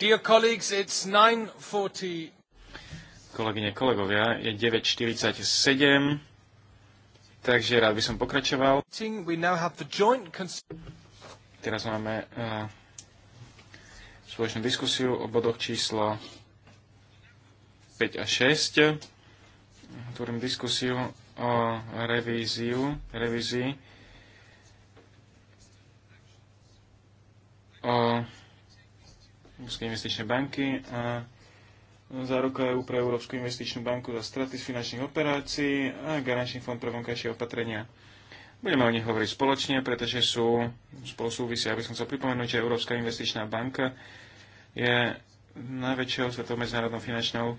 Dear colleagues, it's 9.40. Kolegyne, kolegovia, je 9.47, takže rád by som pokračoval. We now have the joint Teraz máme uh, spoločnú diskusiu o bodoch číslo 5 a 6. Tvorím diskusiu o revíziu, revízii Európskej investičnej banky a záruka EU pre Európsku investičnú banku za straty z finančných operácií a garančný fond pre vonkajšie opatrenia. Budeme o nich hovoriť spoločne, pretože sú spolu súvisia. Aby som chcel pripomenúť, že Európska investičná banka je najväčšou svetovou medzinárodnou finančnou e,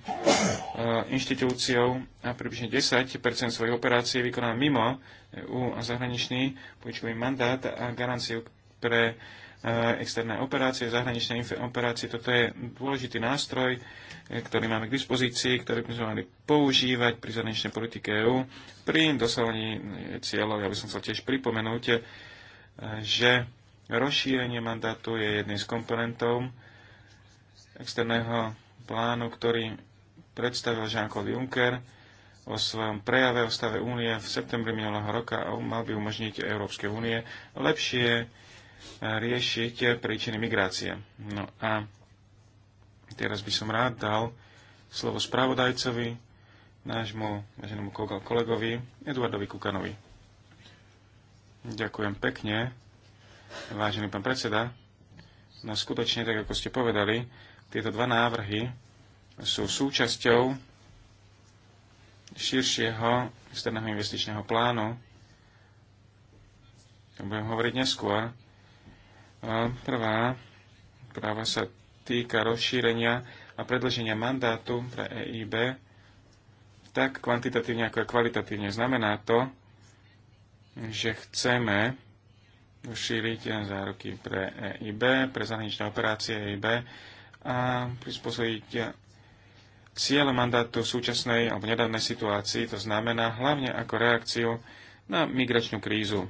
inštitúciou a približne 10 svojich operácií vykoná mimo EU a zahraničný pôjčkový mandát a garanciu pre E, externé operácie, zahraničné operácie. Toto je dôležitý nástroj, e, ktorý máme k dispozícii, ktorý by sme mali používať pri zahraničnej politike EÚ pri dosahovaní e, cieľov. Ja by som chcel tiež pripomenúť, že rozšírenie mandátu je jedným z komponentov externého plánu, ktorý predstavil Jean-Claude Juncker o svojom prejave o stave únie v septembri minulého roka a mal by umožniť Európskej únie lepšie riešiť príčiny migrácie. No a teraz by som rád dal slovo správodajcovi, nášmu váženému kolegovi Eduardovi Kukanovi. Ďakujem pekne, vážený pán predseda. No skutočne, tak ako ste povedali, tieto dva návrhy sú súčasťou širšieho externého investičného plánu. Budem hovoriť neskôr Prvá práva sa týka rozšírenia a predlženia mandátu pre EIB tak kvantitatívne ako aj kvalitatívne. Znamená to, že chceme rozšíriť záruky pre EIB, pre zahraničné operácie EIB a prispôsobiť cieľ mandátu v súčasnej alebo nedávnej situácii, to znamená hlavne ako reakciu na migračnú krízu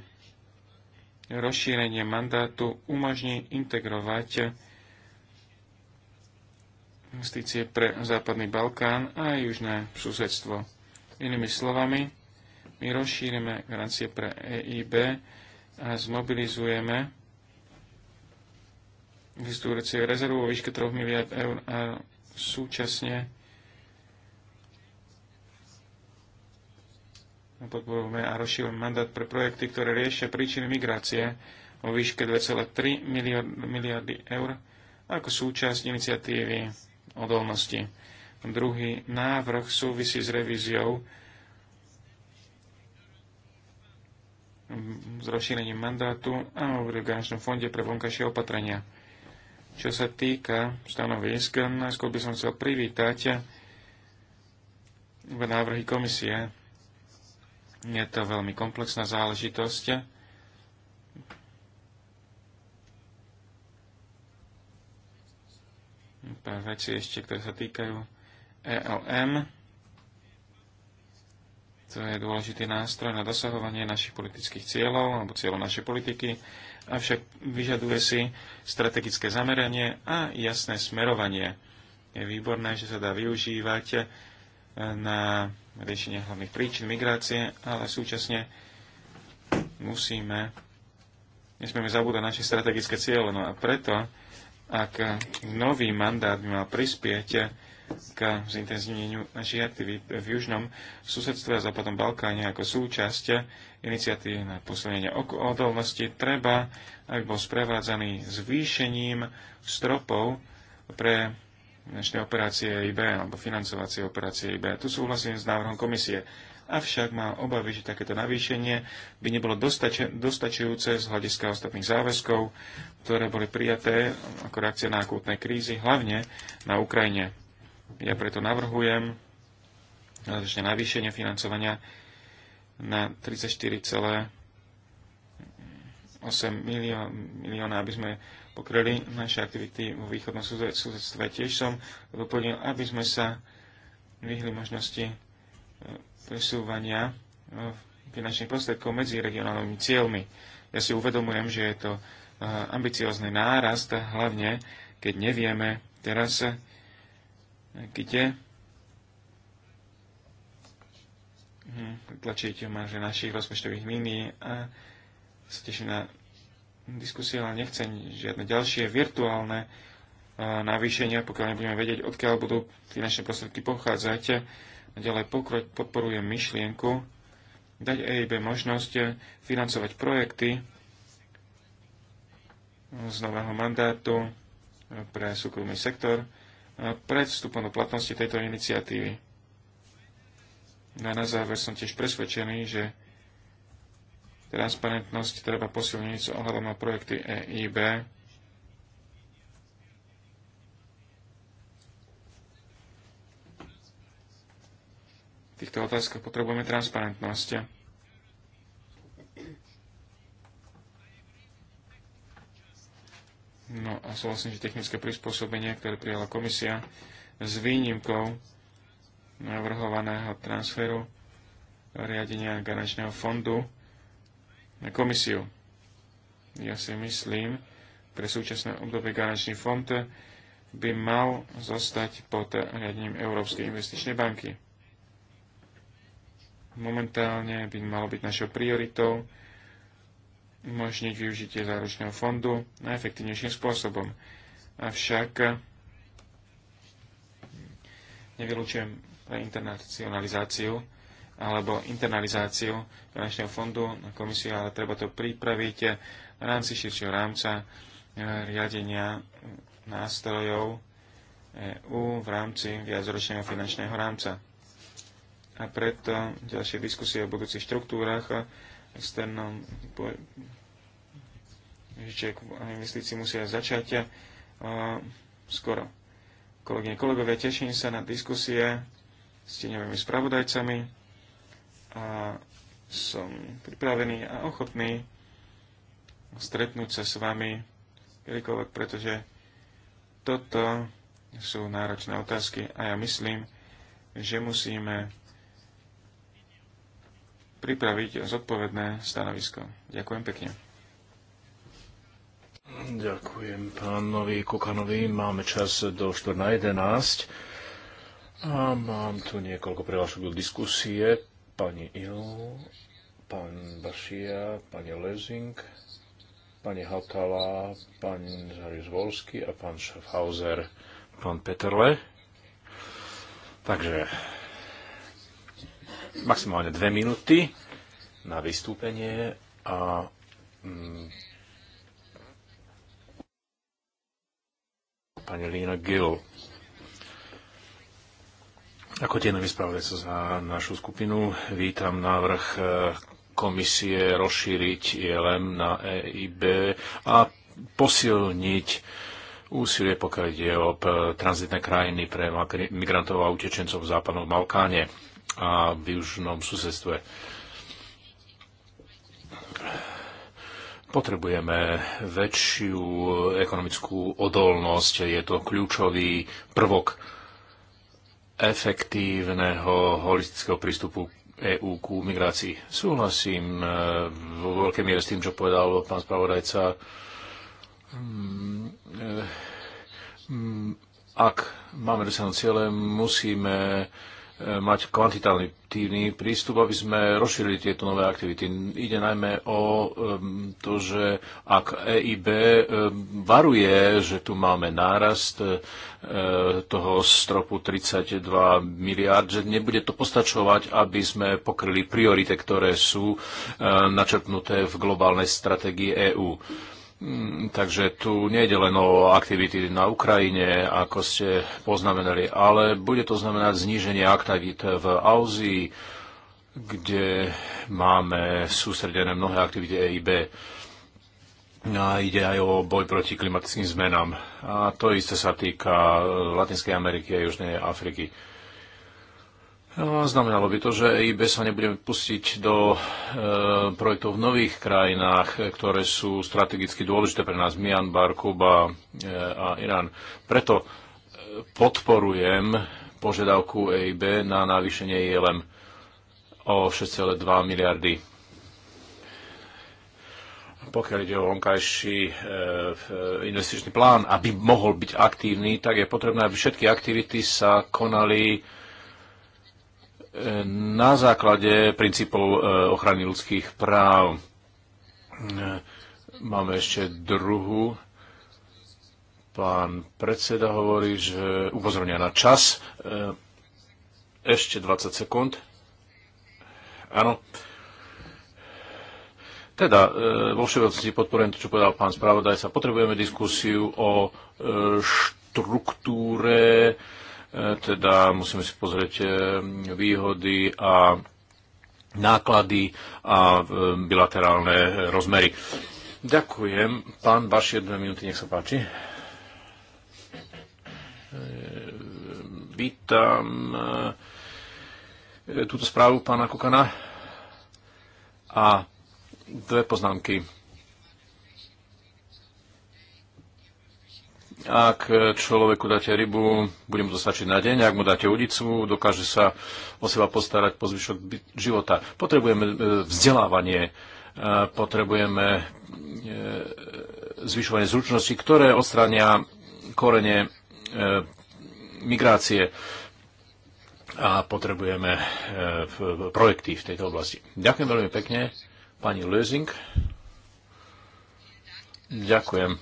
rozšírenie mandátu umožní integrovať investície pre Západný Balkán a južné susedstvo. Inými slovami, my rozšírime garancie pre EIB a zmobilizujeme existujúce rezervu vo výške 3 miliard eur a súčasne podporujeme a rozšírujeme mandát pre projekty, ktoré riešia príčiny migrácie o výške 2,3 miliardy eur ako súčasť iniciatívy odolnosti. Druhý návrh súvisí s revíziou s rozšírením mandátu a o Regáčnom fonde pre vonkajšie opatrenia. Čo sa týka stanovisk, najskôr by som chcel privítať v návrhy komisie je to veľmi komplexná záležitosť. Pár veci ešte, ktoré sa týkajú ELM. To je dôležitý nástroj na dosahovanie našich politických cieľov alebo cieľov našej politiky, avšak vyžaduje si strategické zameranie a jasné smerovanie. Je výborné, že sa dá využívať na riešenia hlavných príčin migrácie, ale súčasne musíme, nesmieme zabúdať naše strategické cieľe. No a preto, ak nový mandát by mal prispieť k zintenzívneniu našich aktivít v južnom susedstve a západnom Balkáne ako súčasť iniciatívy na posilnenie odolnosti, treba, aby bol sprevádzaný zvýšením stropov pre finančné operácie IB alebo financovacie operácie IB. Tu súhlasím s návrhom komisie. Avšak má obavy, že takéto navýšenie by nebolo dostačujúce z hľadiska ostatných záväzkov, ktoré boli prijaté ako reakcia na akútne krízy, hlavne na Ukrajine. Ja preto navrhujem navýšenie financovania na 34,8 milióna, aby sme pokryli naše aktivity vo východnom susedstve. Tiež som doplnil, aby sme sa vyhli možnosti e, presúvania e, finančných prostriedkov medzi regionálnymi cieľmi. Ja si uvedomujem, že je to e, ambiciózny nárast, hlavne keď nevieme teraz, kde hm, tlačiť marže našich rozpočtových línií a sa teším na diskusia, ale nechcem žiadne ďalšie virtuálne e, navýšenia, pokiaľ nebudeme vedieť, odkiaľ budú finančné prostriedky pochádzať. Ďalej pokroť podporujem myšlienku dať EIB možnosť financovať projekty z nového mandátu pre súkromný sektor e, pred vstupom do platnosti tejto iniciatívy. A na záver som tiež presvedčený, že Transparentnosť treba posilniť s ohľadom na projekty EIB. V týchto otázkach potrebujeme transparentnosť. No a vlastne, že technické prispôsobenie, ktoré prijala komisia s výnimkou navrhovaného transferu riadenia garančného fondu na komisiu. Ja si myslím, pre súčasné obdobie garančný fond by mal zostať pod riadením Európskej investičnej banky. Momentálne by malo byť našou prioritou umožniť využitie záručného fondu najefektívnejším spôsobom. Avšak nevylučujem pre internacionalizáciu alebo internalizáciu finančného fondu na komisiu, ale treba to pripraviť v rámci širšieho rámca e, riadenia nástrojov EU v rámci viacročného finančného rámca. A preto ďalšie diskusie o budúcich štruktúrach a externom žiček a investícii musia začať e, skoro. Kolegyne, kolegovia, teším sa na diskusie s tieňovými spravodajcami a som pripravený a ochotný stretnúť sa s vami kedykoľvek, pretože toto sú náročné otázky a ja myslím, že musíme pripraviť zodpovedné stanovisko. Ďakujem pekne. Ďakujem pánovi Kukanovi. Máme čas do 4 na 11. A mám tu niekoľko prihlášok do diskusie pani Il, pán Bašia, pani Lezing, pani Hatala, pán Zaris Volsky a pán Schaffhauser, pán Peterle. Takže maximálne dve minúty na vystúpenie a mm, pani Lina Gill ako nový spravodajca za našu skupinu vítam návrh e, komisie rozšíriť ILM na EIB a posilniť úsilie, pokiaľ ide o e, tranzitné krajiny pre migrantov a utečencov v západnom Balkáne a v južnom susedstve. Potrebujeme väčšiu ekonomickú odolnosť, je to kľúčový prvok efektívneho holistického prístupu EÚ ku migrácii. Súhlasím e, vo veľkej miere s tým, čo povedal pán spravodajca. Mm, e, mm, ak máme dosiahnuť ciele, musíme E, mať kvantitatívny prístup, aby sme rozšírili tieto nové aktivity. Ide najmä o to, že ak EIB e, varuje, že tu máme nárast e, toho stropu 32 miliard, že nebude to postačovať, aby sme pokryli priority, ktoré sú načrtnuté v globálnej stratégii EÚ. Mm, takže tu nejde len o aktivity na Ukrajine, ako ste poznamenali, ale bude to znamenať zníženie aktivít v Auzii, kde máme sústredené mnohé aktivity EIB. A ide aj o boj proti klimatickým zmenám. A to isté sa týka Latinskej Ameriky a Južnej Afriky. No, znamenalo by to, že EIB sa nebude pustiť do e, projektov v nových krajinách, ktoré sú strategicky dôležité pre nás, Myanmar, Kuba e, a Irán. Preto e, podporujem požiadavku EIB na navýšenie ILM o 6,2 miliardy. Pokiaľ ide o vonkajší e, e, investičný plán, aby mohol byť aktívny, tak je potrebné, aby všetky aktivity sa konali na základe princípov e, ochrany ľudských práv. E, máme ešte druhú. Pán predseda hovorí, že upozornia na čas. E, ešte 20 sekúnd. Áno. Teda, vo všeobecnosti podporujem to, čo povedal pán spravodajca. Potrebujeme diskusiu o štruktúre teda musíme si pozrieť e, výhody a náklady a e, bilaterálne rozmery. Ďakujem. Pán Baši, dve minúty, nech sa páči. E, vítam túto správu pána Kukana a dve poznámky Ak človeku dáte rybu, bude mu to stačiť na deň, ak mu dáte udicu, dokáže sa o seba postarať po zvyšok života. Potrebujeme e, vzdelávanie, e, potrebujeme e, zvyšovanie zručnosti, ktoré odstrania korene migrácie a potrebujeme projekty v tejto oblasti. Ďakujem veľmi pekne, pani Lösing. Ďakujem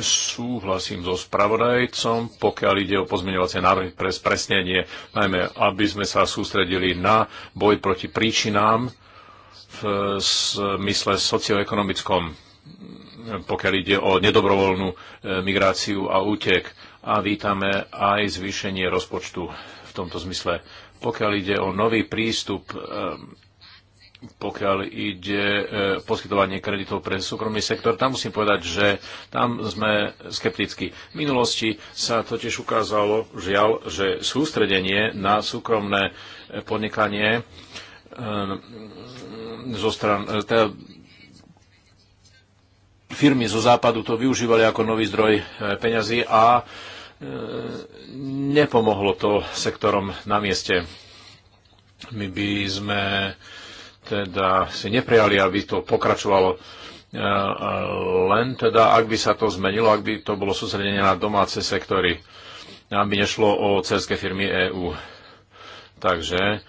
Súhlasím so spravodajcom, pokiaľ ide o pozmeňovacie návrhy pre spresnenie, najmä aby sme sa sústredili na boj proti príčinám v mysle socioekonomickom, pokiaľ ide o nedobrovoľnú e, migráciu a útek. A vítame aj zvýšenie rozpočtu v tomto zmysle. Pokiaľ ide o nový prístup e, pokiaľ ide e, poskytovanie kreditov pre súkromný sektor, tam musím povedať, že tam sme skeptickí. V minulosti sa totiž ukázalo, žiaľ, že sústredenie na súkromné e, podnikanie e, zo stran, teda firmy zo západu to využívali ako nový zdroj peňazí a nepomohlo to sektorom na mieste. My by sme teda si neprijali, aby to pokračovalo e, e, len teda, ak by sa to zmenilo, ak by to bolo sústredenie na domáce sektory, aby nešlo o cerské firmy EÚ. Takže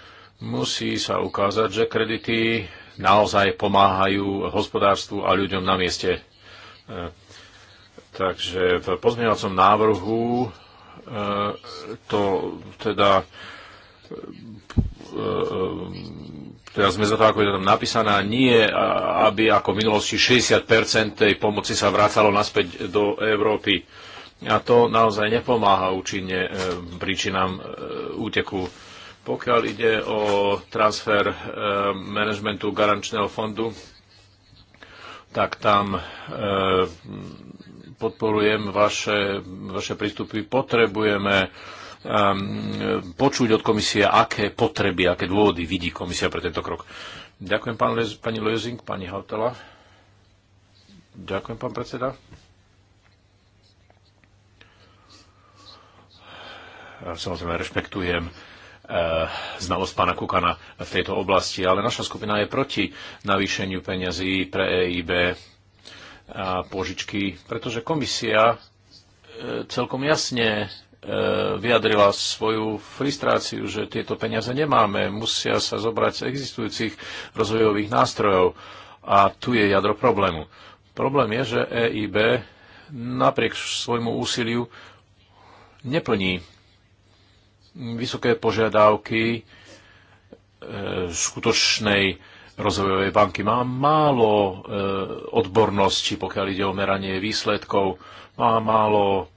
musí sa ukázať, že kredity naozaj pomáhajú hospodárstvu a ľuďom na mieste. E, takže v pozmeňovacom návrhu to teda teda sme za to, ako je tam napísaná, nie aby ako v minulosti 60% tej pomoci sa vracalo naspäť do Európy. A to naozaj nepomáha účinne e, príčinám e, úteku. Pokiaľ ide o transfer e, managementu garančného fondu, tak tam podporujem vaše, vaše prístupy. Potrebujeme Ehm, počuť od komisie, aké potreby, aké dôvody vidí komisia pre tento krok. Ďakujem pán Lez, pani Lezing, pani Hautela. Ďakujem, pán predseda. Samozrejme, rešpektujem eh, znalosť pána Kukana v tejto oblasti, ale naša skupina je proti navýšeniu peňazí pre EIB a požičky, pretože komisia eh, celkom jasne E, vyjadrila svoju frustráciu, že tieto peniaze nemáme, musia sa zobrať z existujúcich rozvojových nástrojov. A tu je jadro problému. Problém je, že EIB napriek svojmu úsiliu neplní vysoké požiadavky e, skutočnej rozvojovej banky. Má málo e, odbornosti, pokiaľ ide o meranie výsledkov, má málo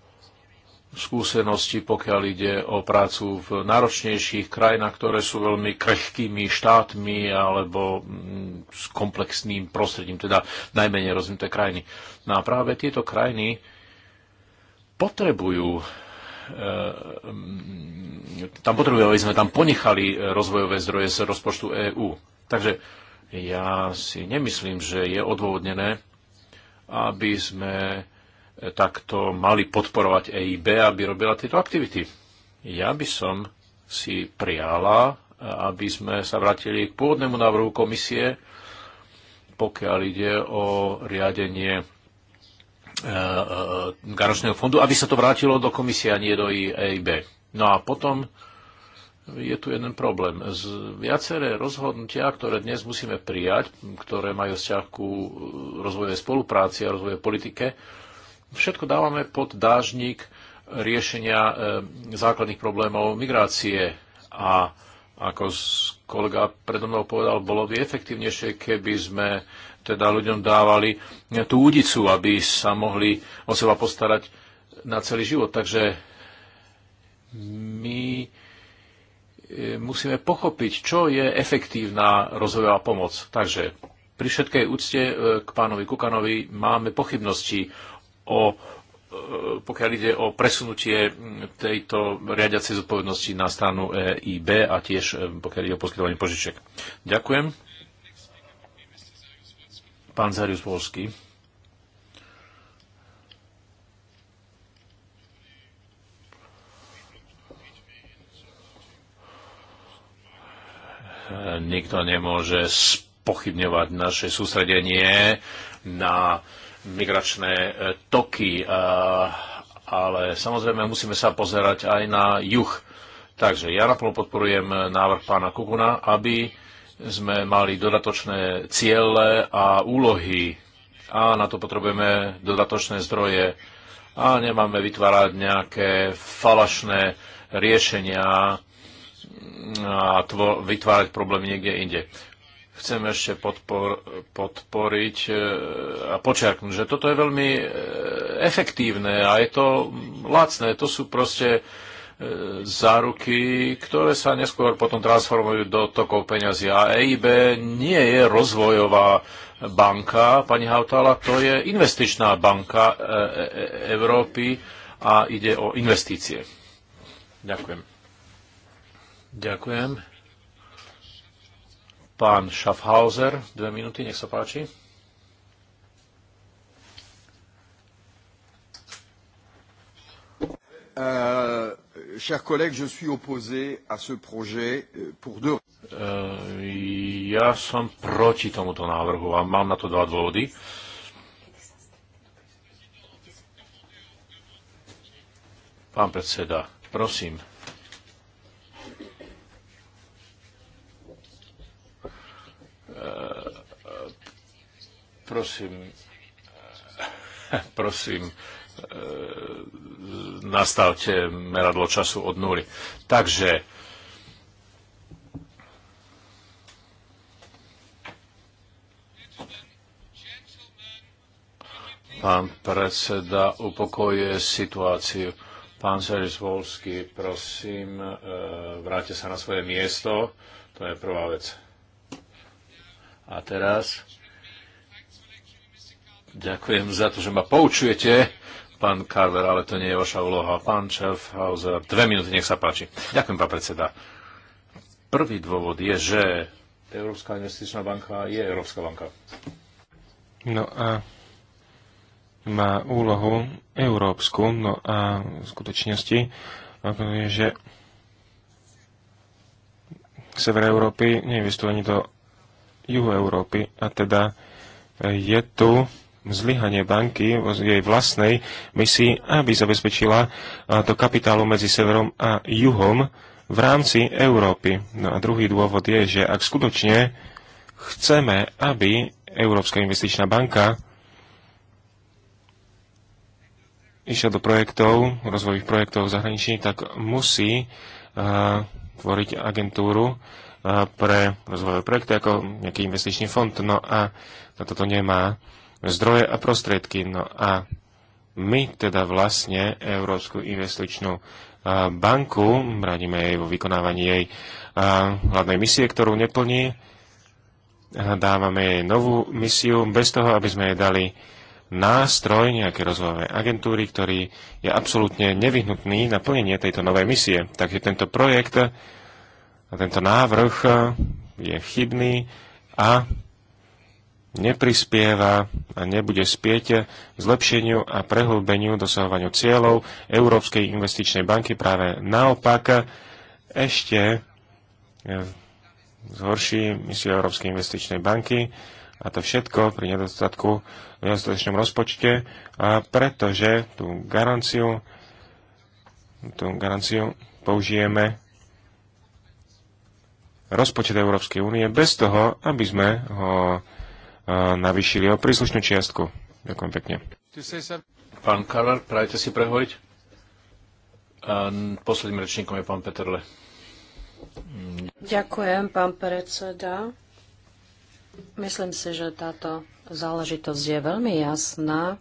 skúsenosti, pokiaľ ide o prácu v náročnejších krajinách, ktoré sú veľmi krehkými štátmi alebo mm, s komplexným prostredím, teda najmenej rozvinuté krajiny. No a práve tieto krajiny potrebujú e, mm, tam potrebujú, aby sme tam ponechali rozvojové zdroje z rozpočtu EÚ. Takže ja si nemyslím, že je odôvodnené, aby sme takto mali podporovať EIB, aby robila tieto aktivity. Ja by som si prijala, aby sme sa vrátili k pôvodnému návrhu komisie, pokiaľ ide o riadenie e, e, e, garančného fondu, aby sa to vrátilo do komisie a nie do EIB. No a potom je tu jeden problém. Z viaceré rozhodnutia, ktoré dnes musíme prijať, ktoré majú vzťah ku rozvojovej spolupráci a rozvojovej politike, Všetko dávame pod dážnik riešenia e, základných problémov migrácie a ako kolega predo mnou povedal, bolo by efektívnejšie, keby sme teda ľuďom dávali tú údicu, aby sa mohli o seba postarať na celý život. Takže my e, musíme pochopiť, čo je efektívna rozvojová pomoc. Takže pri všetkej úcte e, k pánovi Kukanovi máme pochybnosti o e, pokiaľ ide o presunutie tejto riadiacej zodpovednosti na stranu EIB a tiež e, pokiaľ ide o poskytovanie požičiek. Ďakujem. Pán Zarius Polský. Nikto nemôže spochybňovať naše sústredenie na migračné e, toky, e, ale samozrejme musíme sa pozerať aj na juh. Takže ja naplno podporujem návrh pána Kukuna, aby sme mali dodatočné ciele a úlohy a na to potrebujeme dodatočné zdroje a nemáme vytvárať nejaké falašné riešenia a vytvárať problém niekde inde chcem ešte podpor, podporiť e, a počiarknúť, že toto je veľmi e, efektívne a je to lacné. To sú proste e, záruky, ktoré sa neskôr potom transformujú do tokov peňazí. A EIB nie je rozvojová banka, pani Hautala, to je investičná banka Európy a ide o investície. Ďakujem. Ďakujem. Pán Schaffhauser, dve minúty, nech sa páči. Uh, euh, uh, ja som proti tomuto návrhu a mám na to dva dôvody. Pán predseda, prosím. prosím, prosím, nastavte meradlo času od nuly. Takže pán predseda upokojuje situáciu. Pán Seriš Volsky, prosím, eh, vráťte sa na svoje miesto. To je prvá vec. A teraz ďakujem za to, že ma poučujete, pán Carver, ale to nie je vaša úloha. Pán Schaffhauser, dve minúty, nech sa páči. Ďakujem, pán predseda. Prvý dôvod je, že Európska investičná banka je Európska banka. No a má úlohu európsku, no a v skutočnosti že sever Európy neinvestuje ani do juhu Európy. A teda e, je tu zlyhanie banky v jej vlastnej misii, aby zabezpečila to kapitálu medzi severom a juhom v rámci Európy. No a druhý dôvod je, že ak skutočne chceme, aby Európska investičná banka išla do projektov, rozvojových projektov v zahraničí, tak musí uh, tvoriť agentúru, pre rozvojové projekty ako nejaký investičný fond. No a na toto nemá zdroje a prostriedky. No a my teda vlastne Európsku investičnú banku, radíme jej vo vykonávaní jej hlavnej misie, ktorú neplní, dávame jej novú misiu bez toho, aby sme jej dali nástroj nejaké rozvojové agentúry, ktorý je absolútne nevyhnutný na plnenie tejto novej misie. Takže tento projekt a tento návrh e, je chybný a neprispieva a nebude spieť zlepšeniu a prehlbeniu dosahovaniu cieľov Európskej investičnej banky. Práve naopak e, ešte e, zhorší misiu Európskej investičnej banky a to všetko pri nedostatku v nedostatečnom rozpočte, a pretože tú garanciu, tú garanciu použijeme rozpočet Európskej únie bez toho, aby sme ho e, navýšili o príslušnú čiastku. Ďakujem pekne. Pán Karvar, prajete si prehovoriť? posledným rečníkom je pán Peterle. Ďakujem, pán predseda. Myslím si, že táto záležitosť je veľmi jasná.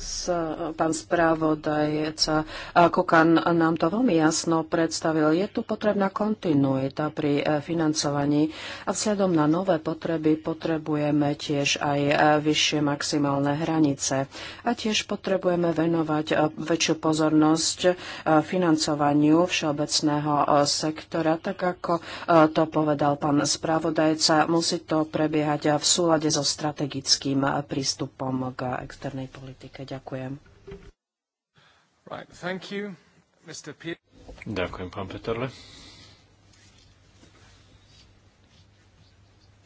S, pán správodajca Kokan nám to veľmi jasno predstavil. Je tu potrebná kontinuita pri e, financovaní a vzhľadom na nové potreby potrebujeme tiež aj e, vyššie maximálne hranice. A tiež potrebujeme venovať e, väčšiu pozornosť financovaniu všeobecného sektora, tak ako to povedal pán správodajca. Musí to prebiehať v súlade so strategickým prístupom k externej pozornosti politike. Ďakujem. Right, thank you, Mr. P- Ďakujem, pán Petrle.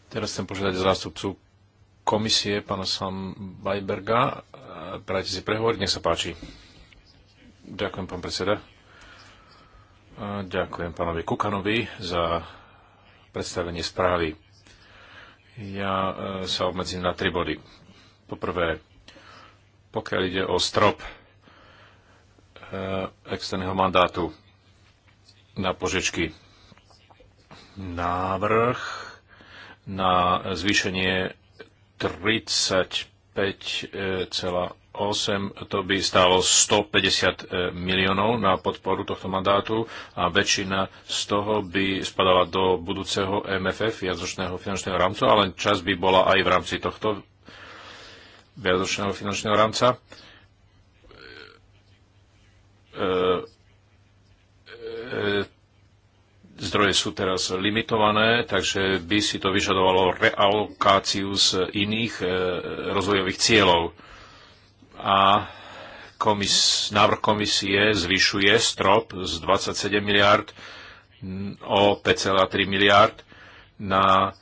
Teraz chcem požiadať zástupcu komisie, pána Sam Weiberga. Prajte si prehovoriť, nech sa páči. Ďakujem, pán predseda. Ďakujem pánovi Kukanovi za predstavenie správy. Ja e, sa obmedzím na tri body. Poprvé, pokiaľ ide o strop eh, externého mandátu na požičky. Návrh na zvýšenie 35,8 to by stálo 150 eh, miliónov na podporu tohto mandátu a väčšina z toho by spadala do budúceho MFF, jazočného finančného rámcu, ale čas by bola aj v rámci tohto viadočného finančného rámca. E, e, e, zdroje sú teraz limitované, takže by si to vyžadovalo realokáciu z iných rozvojových cieľov. A komis, návrh komisie zvyšuje strop z 27 miliard o 5,3 miliard na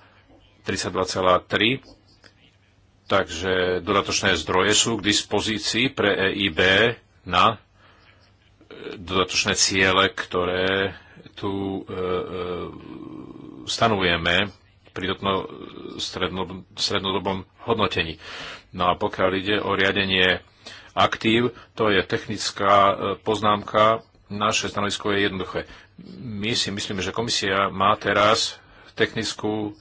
Takže dodatočné zdroje sú k dispozícii pre EIB na e, dodatočné ciele, ktoré tu stanujeme e, stanovujeme pri dotno, strednodobom hodnotení. No a pokiaľ ide o riadenie aktív, to je technická e, poznámka. Naše stanovisko je jednoduché. My si myslíme, že komisia má teraz technickú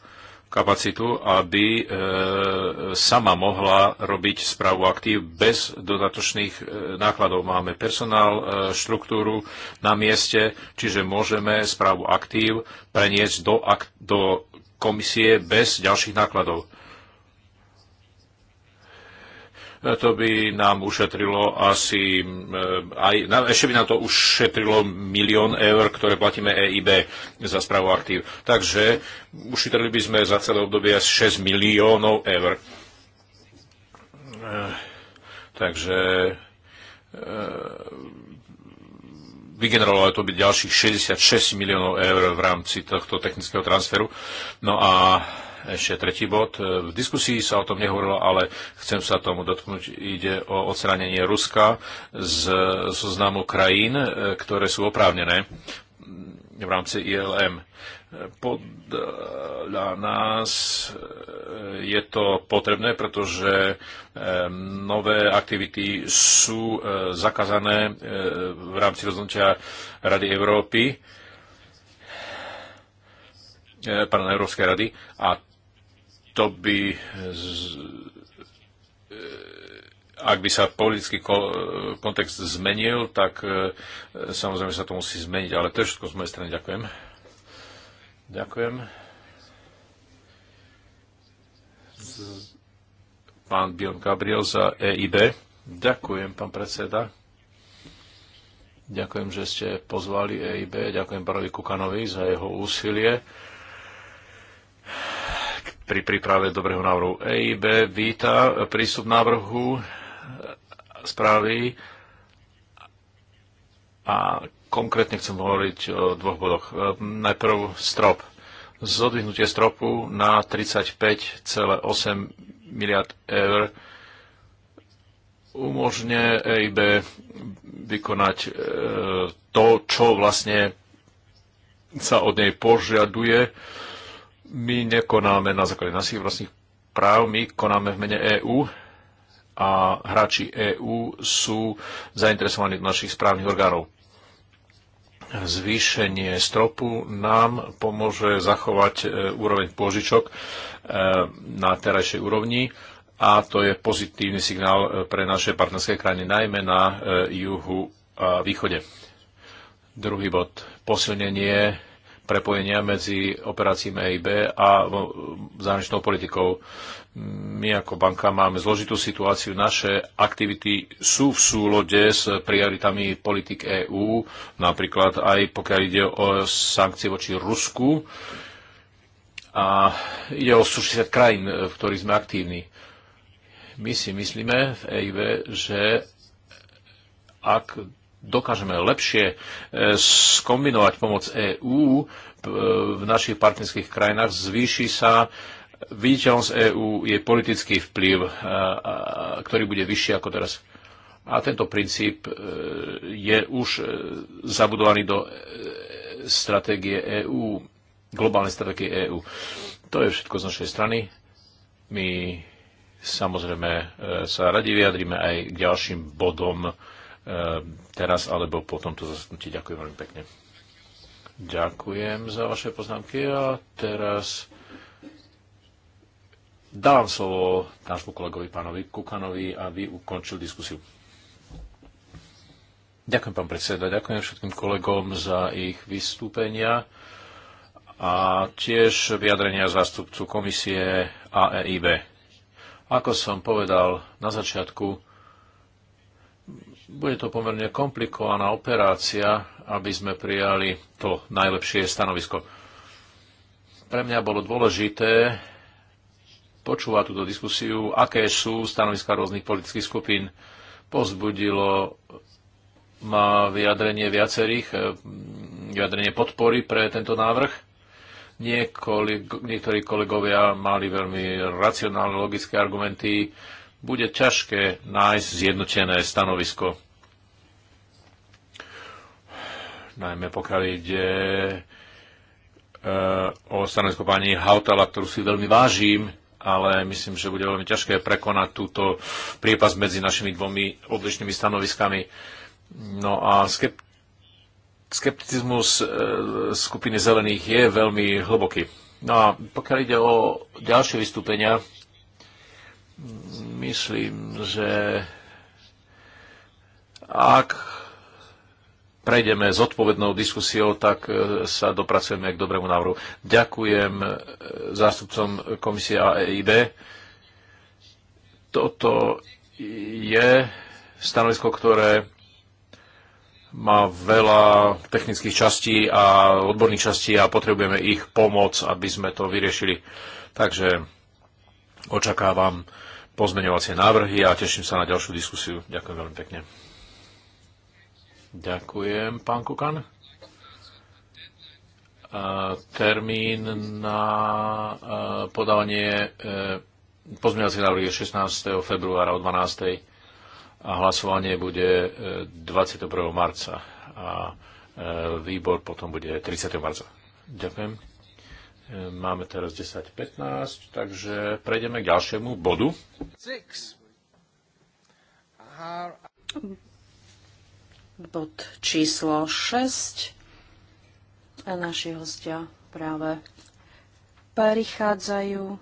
kapacitu, aby e, sama mohla robiť správu aktív bez dodatočných e, nákladov. Máme personál, e, štruktúru na mieste, čiže môžeme správu aktív preniesť do, do komisie bez ďalších nákladov. To by nám ušetrilo asi, eh, aj, ešte by nám to ušetrilo milión eur, ktoré platíme EIB za správu aktív. Takže ušetrili by sme za celé obdobie asi 6 miliónov eur. Eh, takže eh, vygenerovalo to by ďalších 66 miliónov eur v rámci tohto technického transferu. No a ešte tretí bod. V diskusii sa o tom nehovorilo, ale chcem sa tomu dotknúť. Ide o odstránenie Ruska z zoznamu krajín, e, ktoré sú oprávnené v rámci ILM. Podľa nás e, je to potrebné, pretože e, nové aktivity sú zakázané v rámci rozhodnutia Rady Európy pardon, Európskej rady a to by e, ak by sa politický e, kontext zmenil, tak e, samozrejme sa to musí zmeniť, ale to je všetko z mojej strany. Ďakujem. Ďakujem. Pán Bion Gabriel za EIB. Ďakujem, pán predseda. Ďakujem, že ste pozvali EIB. Ďakujem pánovi Kukanovi za jeho úsilie pri príprave dobrého návrhu. EIB víta prístup návrhu e, správy a konkrétne chcem hovoriť o dvoch bodoch. E, najprv strop. Zodvihnutie stropu na 35,8 miliard eur umožňuje EIB vykonať e, to, čo vlastne sa od nej požiaduje my nekonáme na základe našich vlastných práv, my konáme v mene EÚ a hráči EÚ sú zainteresovaní do našich správnych orgánov. Zvýšenie stropu nám pomôže zachovať e, úroveň pôžičok e, na terajšej úrovni a to je pozitívny signál e, pre naše partnerské krajiny, najmä na juhu a východe. Druhý bod. Posilnenie prepojenia medzi operáciami EIB a zahraničnou politikou. My ako banka máme zložitú situáciu. Naše aktivity sú v súlode s prioritami politik EÚ, napríklad aj pokiaľ ide o sankcie voči Rusku. A ide o 160 krajín, v ktorých sme aktívni. My si myslíme v EIB, že ak dokážeme lepšie e, skombinovať pomoc EÚ e, v našich partnerských krajinách, zvýši sa viditeľnosť EÚ, je politický vplyv, e, ktorý bude vyšší ako teraz. A tento princíp je už zabudovaný do stratégie EÚ, globálnej stratégie EÚ. To je všetko z našej strany. My samozrejme sa radi vyjadríme aj k ďalším bodom Ehm, teraz alebo po tomto zasadnutí. Ďakujem veľmi pekne. Ďakujem za vaše poznámky a teraz dávam slovo nášmu kolegovi pánovi Kukanovi, aby ukončil diskusiu. Ďakujem, pán predseda, ďakujem všetkým kolegom za ich vystúpenia a tiež vyjadrenia zástupcu komisie AEIB. Ako som povedal na začiatku, bude to pomerne komplikovaná operácia, aby sme prijali to najlepšie stanovisko. Pre mňa bolo dôležité počúvať túto diskusiu, aké sú stanoviska rôznych politických skupín. Pozbudilo ma vyjadrenie viacerých, eh, vyjadrenie podpory pre tento návrh. Niekoli, niektorí kolegovia mali veľmi racionálne logické argumenty, bude ťažké nájsť zjednotené stanovisko. najmä pokiaľ ide eh, o stanovisko pani Hautala, ktorú si veľmi vážim, ale myslím, že bude veľmi ťažké prekonať túto priepas medzi našimi dvomi odlišnými stanoviskami. No a skept, skepticizmus eh, skupiny zelených je veľmi hlboký. No a pokiaľ ide o ďalšie vystúpenia, mm, myslím, že ak prejdeme s odpovednou diskusiou, tak e, sa dopracujeme k dobrému návrhu. Ďakujem e, zástupcom komisie AEIB. Toto je stanovisko, ktoré má veľa technických častí a odborných častí a potrebujeme ich pomoc, aby sme to vyriešili. Takže očakávam pozmeňovacie návrhy a teším sa na ďalšiu diskusiu. Ďakujem veľmi pekne. Ďakujem, pán Kukan. Termín na podávanie e, pozmeňovací návrh je 16. februára o 12. a hlasovanie bude 21. E, marca a e, výbor potom bude 30. marca. Ďakujem. Máme teraz 10.15, takže prejdeme k ďalšiemu bodu bod číslo 6. A naši hostia práve prichádzajú.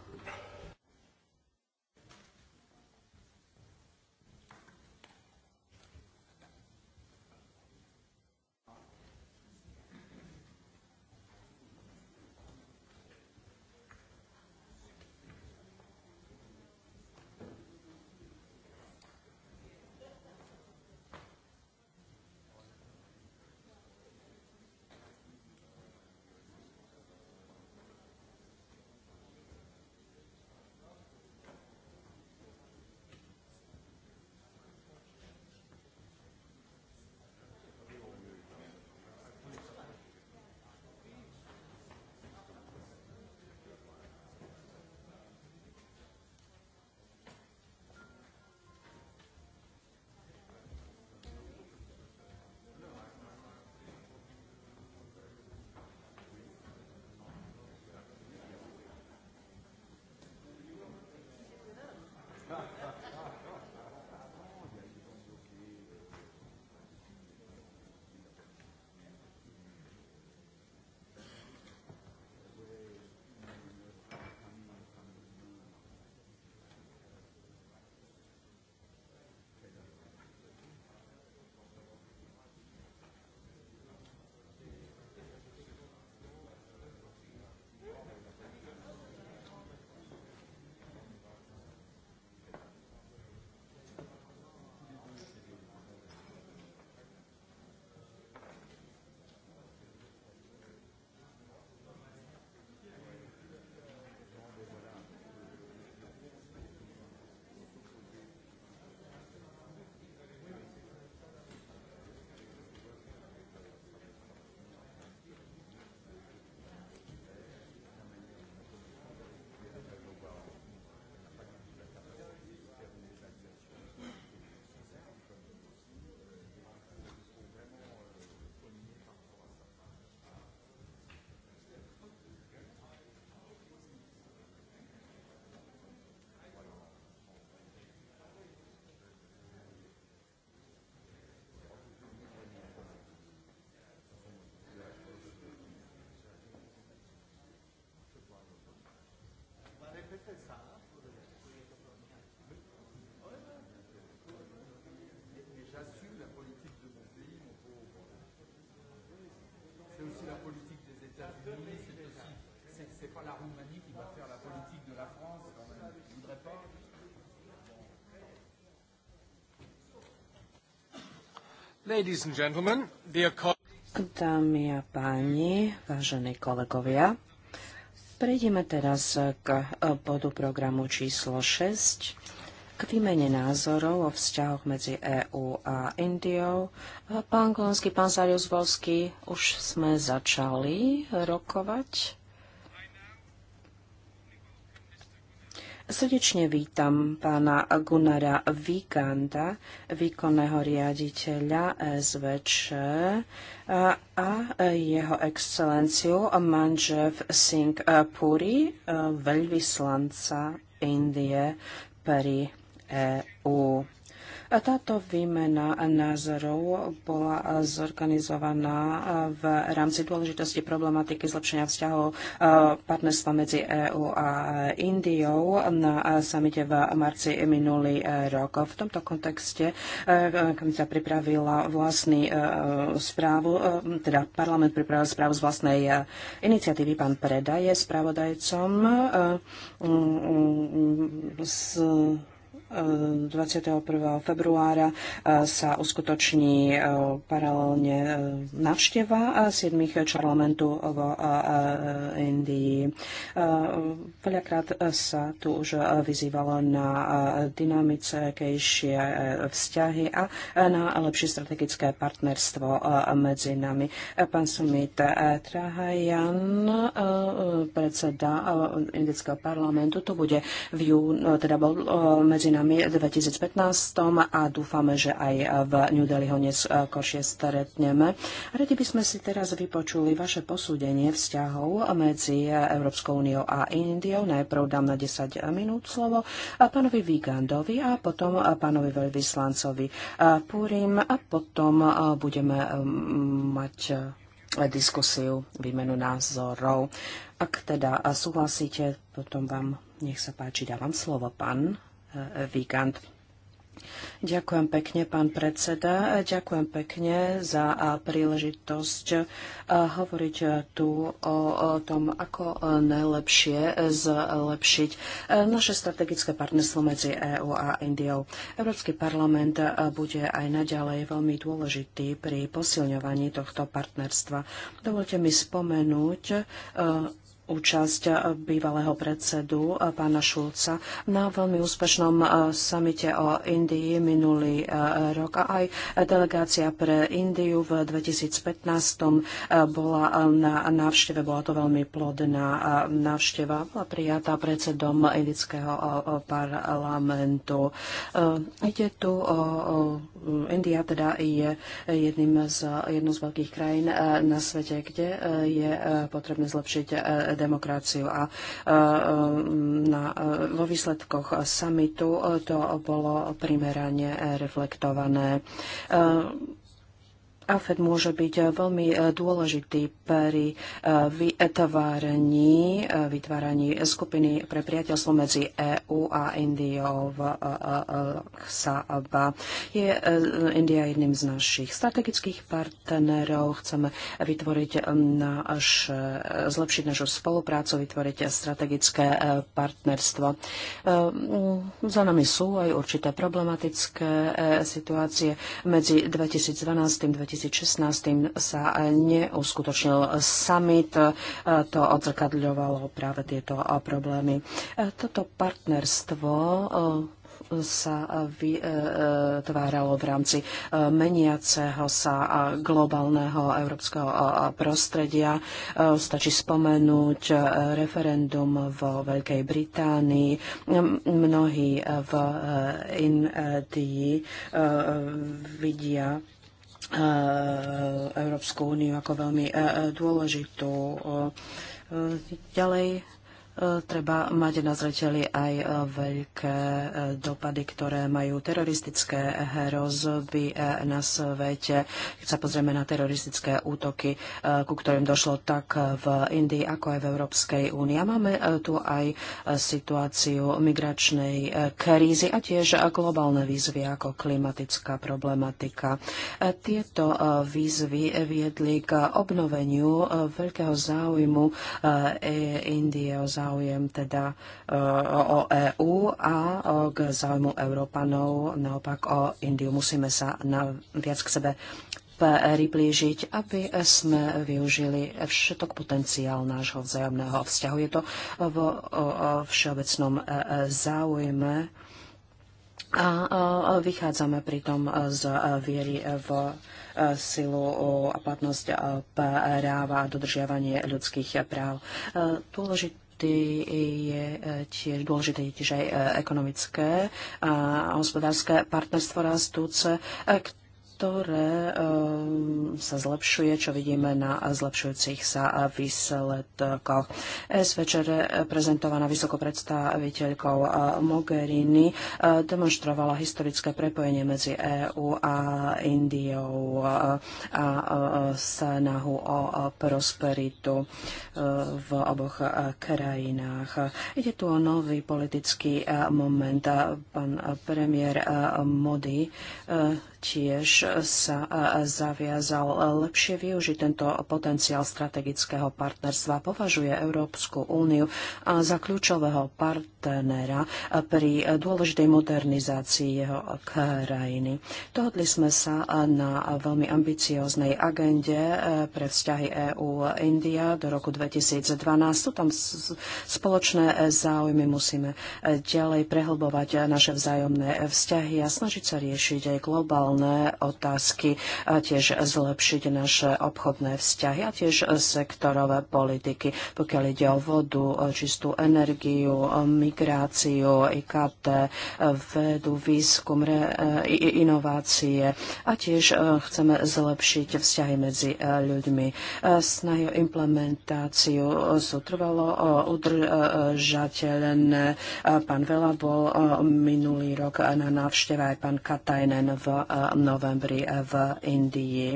acteur mais c'est déjà. C'est, pas la Roumanie qui va faire la politique de la France quand même. Je voudrais pas. Ladies and gentlemen, dear Dámy a páni, vážení kolegovia, prejdeme teraz k bodu programu číslo 6 k výmene názorov o vzťahoch medzi EÚ a Indiou. Pán Kolonský, pán Zarius Volský, už sme začali rokovať. Srdečne vítam pána Gunara Viganda, výkonného riaditeľa SVČ a, a jeho excelenciu Manžev Singh Puri, veľvyslanca Indie pri EÚ. Táto výmena názorov bola zorganizovaná v rámci dôležitosti problematiky zlepšenia vzťahov e, partnerstva medzi EÚ a Indiou na samite v marci minulý e, rok. V tomto kontexte e, komisia pripravila vlastný správu, teda parlament pripravil správu z vlastnej iniciatívy. Pán Preda je spravodajcom. S 21. februára e, sa uskutoční e, paralelne e, návšteva siedmých parlamentu v Indii. Veľakrát sa tu už vyzývalo na dynamickejšie vzťahy a na lepšie strategické partnerstvo medzi nami. Pán Sumit Trahajan, predseda Indického parlamentu, to bude v jún, teda bol medzi nami krajinami 2015 a dúfame, že aj v New Delhi ho neskôršie e, stretneme. Radi by sme si teraz vypočuli vaše posúdenie vzťahov medzi Európskou úniou a Indiou. Najprv dám na 10 minút slovo pánovi Vigandovi a potom pánovi veľvyslancovi e, Púrim a potom e, budeme mať diskusiu, výmenu názorov. Ak teda súhlasíte, potom vám nech sa páči, dávam slovo, pán Vigant. Ďakujem pekne, pán predseda. Ďakujem pekne za príležitosť eh, hovoriť tu o tom, ako najlepšie zlepšiť eh, naše strategické partnerstvo medzi EÚ a Indiou. Európsky parlament eh, bude aj naďalej veľmi dôležitý pri posilňovaní tohto partnerstva. Dovolte mi spomenúť účasť eh, bývalého predsedu eh, pána Šulca na veľmi úspešnom eh, samite o Indii minulý rok a aj delegácia pre Indiu v 2015 bola na návšteve, bola to veľmi plodná návšteva, bola prijatá predsedom indického parlamentu. Ide tu o India teda je jedným z, jednou z veľkých krajín na svete, kde je potrebné zlepšiť demokraciu. A e, e, na, e, vo výsledkoch samitu to bolo primerane reflektované. AFED môže byť eh, veľmi eh, dôležitý pri eh, vytváraní, vytváraní skupiny pre priateľstvo medzi EÚ a Indiou v Xaba. Je India jedným z našich strategických partnerov. Chceme vytvoriť naš, zlepšiť našu spoluprácu, vytvoriť strategické partnerstvo. Za nami sú aj určité problematické situácie medzi 2012 2012 2016 sa neuskutočnil summit. To odzrkadľovalo práve tieto problémy. Toto partnerstvo e, sa vytváralo e, v rámci e, meniaceho sa globálneho európskeho prostredia. Stačí spomenúť referendum vo Veľkej Británii. Mnohí v Indii vidia Európsku úniu ako veľmi e, e, dôležitú. E, ďalej E, treba mať na zreteli aj e, veľké e, dopady, ktoré majú teroristické hrozby na svete. Keď sa pozrieme na teroristické útoky, ku ktorým došlo tak v Indii, ako aj v Európskej únii. A máme tu aj situáciu migračnej krízy a tiež globálne výzvy ako klimatická problematika. Tieto výzvy viedli k obnoveniu veľkého záujmu Indie o záujem teda e, o EÚ a e, k záujmu Európanov, naopak o Indiu. Musíme sa na, viac k sebe priblížiť, aby sme využili všetok potenciál nášho vzájomného vzťahu. Je to vo všeobecnom e, záujme a vychádzame pritom z viery v silu a platnosť práva a dodržiavanie ľudských práv. Dôležité dôležitý je eh, tiež, dôležité je tiež aj eh, ekonomické a hospodárske partnerstvo rastúce, eh, ktoré ehm, sa zlepšuje, čo vidíme na zlepšujúcich sa výsledkoch. večer eh, prezentovaná vysokopredstaviteľkou eh, Mogherini eh, demonstrovala historické prepojenie medzi EÚ a Indiou a snahu o prosperitu v oboch krajinách. Ide tu o nový politický moment. Pán premiér Modi tiež sa e, zaviazal lepšie využiť tento potenciál strategického partnerstva. Považuje Európsku úniu za kľúčového partnera e, pri dôležitej modernizácii jeho krajiny. Dohodli sme sa e, na veľmi ambicióznej agende pre vzťahy EU-India do roku 2012. Sú tam spoločné záujmy, musíme ďalej prehlbovať naše vzájomné vzťahy a snažiť sa riešiť aj globálne environmentálne otázky a tiež zlepšiť naše obchodné vzťahy a tiež sektorové politiky, pokiaľ ide o vodu, čistú energiu, migráciu, IKT, vedu, výskum, inovácie a tiež e, chceme zlepšiť vzťahy medzi e, ľuďmi. E, snahy o implementáciu sú trvalo udržateľné. Pán Vela bol minulý rok na návšteve aj pán Katajnen v novembri v Indii.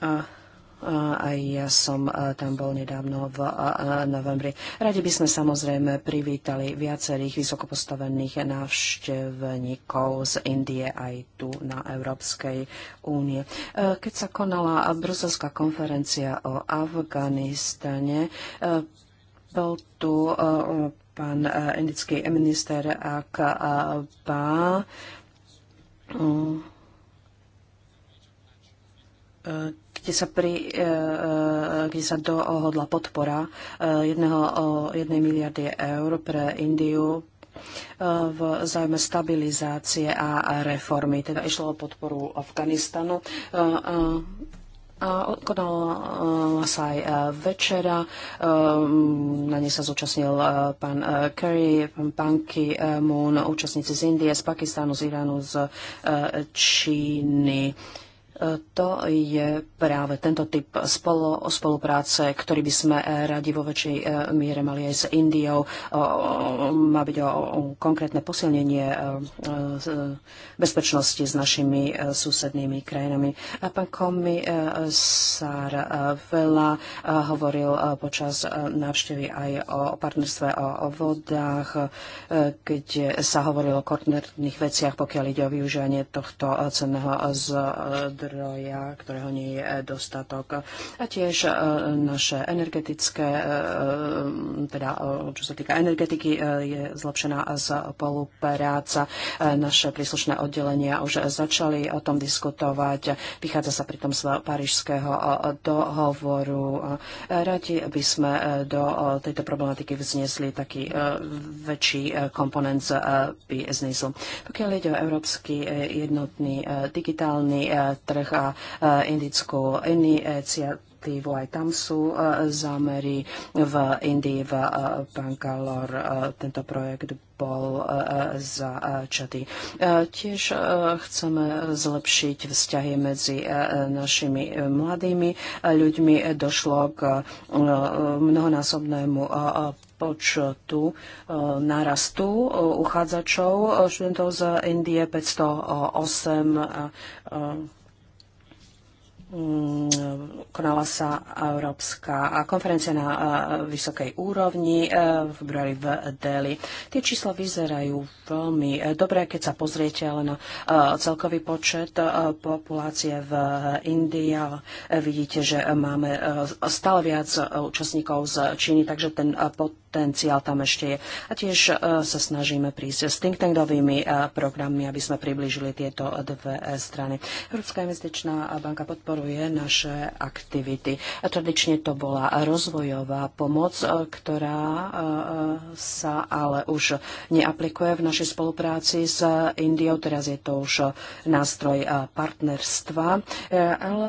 A aj ja som tam bol nedávno v novembri. Radi by sme samozrejme privítali viacerých vysokopostavených návštevníkov z Indie aj tu na Európskej únie. E, keď sa konala bruselská konferencia o Afganistane, e, bol tu e, pán indický minister Akba E, kde sa, pri, e, e, kde sa dohodla podpora jednej miliardy eur pre Indiu v zájme stabilizácie a reformy. Teda išlo o podporu Afganistanu Konala eh, sa aj eh, večera. Eh, na nej sa zúčastnil pán Kerry, pán Panky Moon, účastníci z Indie, z Pakistánu, z Iránu, z Číny to je práve tento typ spolupráce, ktorý by sme radi vo väčšej e, miere mali aj s Indiou. Má byť o konkrétne posilnenie e, bezpečnosti s našimi e, susednými krajinami. A pán Sár Vela hovoril počas návštevy aj o partnerstve o vodách, kde sa hovorilo o koordinárnych veciach, pokiaľ ide o využívanie tohto cenného zdroja zdroja, ktorého nie je e, dostatok. A tiež e, naše energetické, e, teda čo sa týka energetiky, je zlepšená spolupráca. Naše príslušné oddelenia už začali o tom diskutovať. Vychádza sa pritom z parížského dohovoru. Radi by sme do tejto problematiky vznesli taký väčší komponent z biznisu. Pokiaľ ide o európsky jednotný digitálny trh, trh a e, indickú iniciatívu Aj tam sú e, zámery v Indii, v e, Bangalore. Tento projekt bol začatý. Tiež chceme zlepšiť vzťahy medzi našimi mladými ľuďmi. Došlo k mnohonásobnému počtu nárastu uchádzačov študentov z Indie 508 Mm, konala sa Európska konferencia na e, vysokej úrovni e, v februári v Deli. Tie čísla vyzerajú veľmi e, dobre, keď sa pozriete ale na celkový počet populácie v Indii. Vidíte, že máme stále viac účastníkov z Číny, takže ten potenciál tam ešte je. A tiež sa snažíme prísť s think tankovými programmi, aby sme priblížili tieto dve strany. Európska investičná banka podporuje podporuje naše aktivity. Tradične to bola rozvojová pomoc, e, ktorá e, e, sa ale už neaplikuje v našej spolupráci s Indiou. Teraz je to už nástroj partnerstva, ale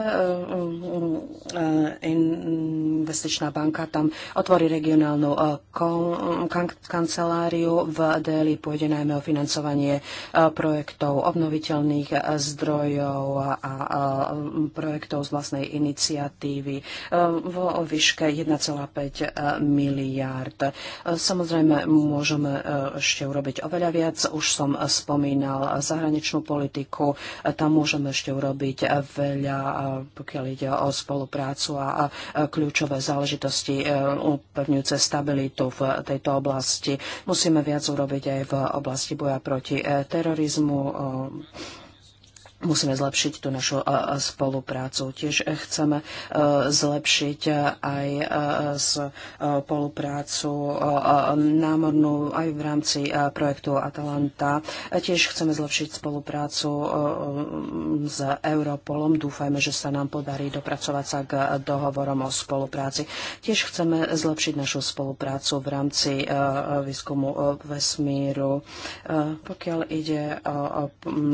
investičná banka tam otvorí regionálnu kanceláriu v Deli Pôjde najmä o financovanie projektov obnoviteľných zdrojov a projektov projektov z vlastnej iniciatívy e, vo výške 1,5 e, miliárd. E, samozrejme, môžeme ešte urobiť oveľa viac. Už som spomínal zahraničnú politiku. Tam môžeme ešte urobiť veľa, pokiaľ ide o spoluprácu a kľúčové záležitosti upevňujúce stabilitu v tejto oblasti. Musíme viac urobiť aj v oblasti boja proti terorizmu, Musíme zlepšiť tú našu spoluprácu. Tiež e, chceme e, zlepšiť e, aj spoluprácu námornú aj v rámci projektu Atalanta. Tiež chceme zlepšiť spoluprácu s Europolom. Dúfajme, že sa nám podarí dopracovať sa k dohovorom o spolupráci. Tiež chceme zlepšiť našu spoluprácu v rámci výskumu vesmíru. Pokiaľ ide o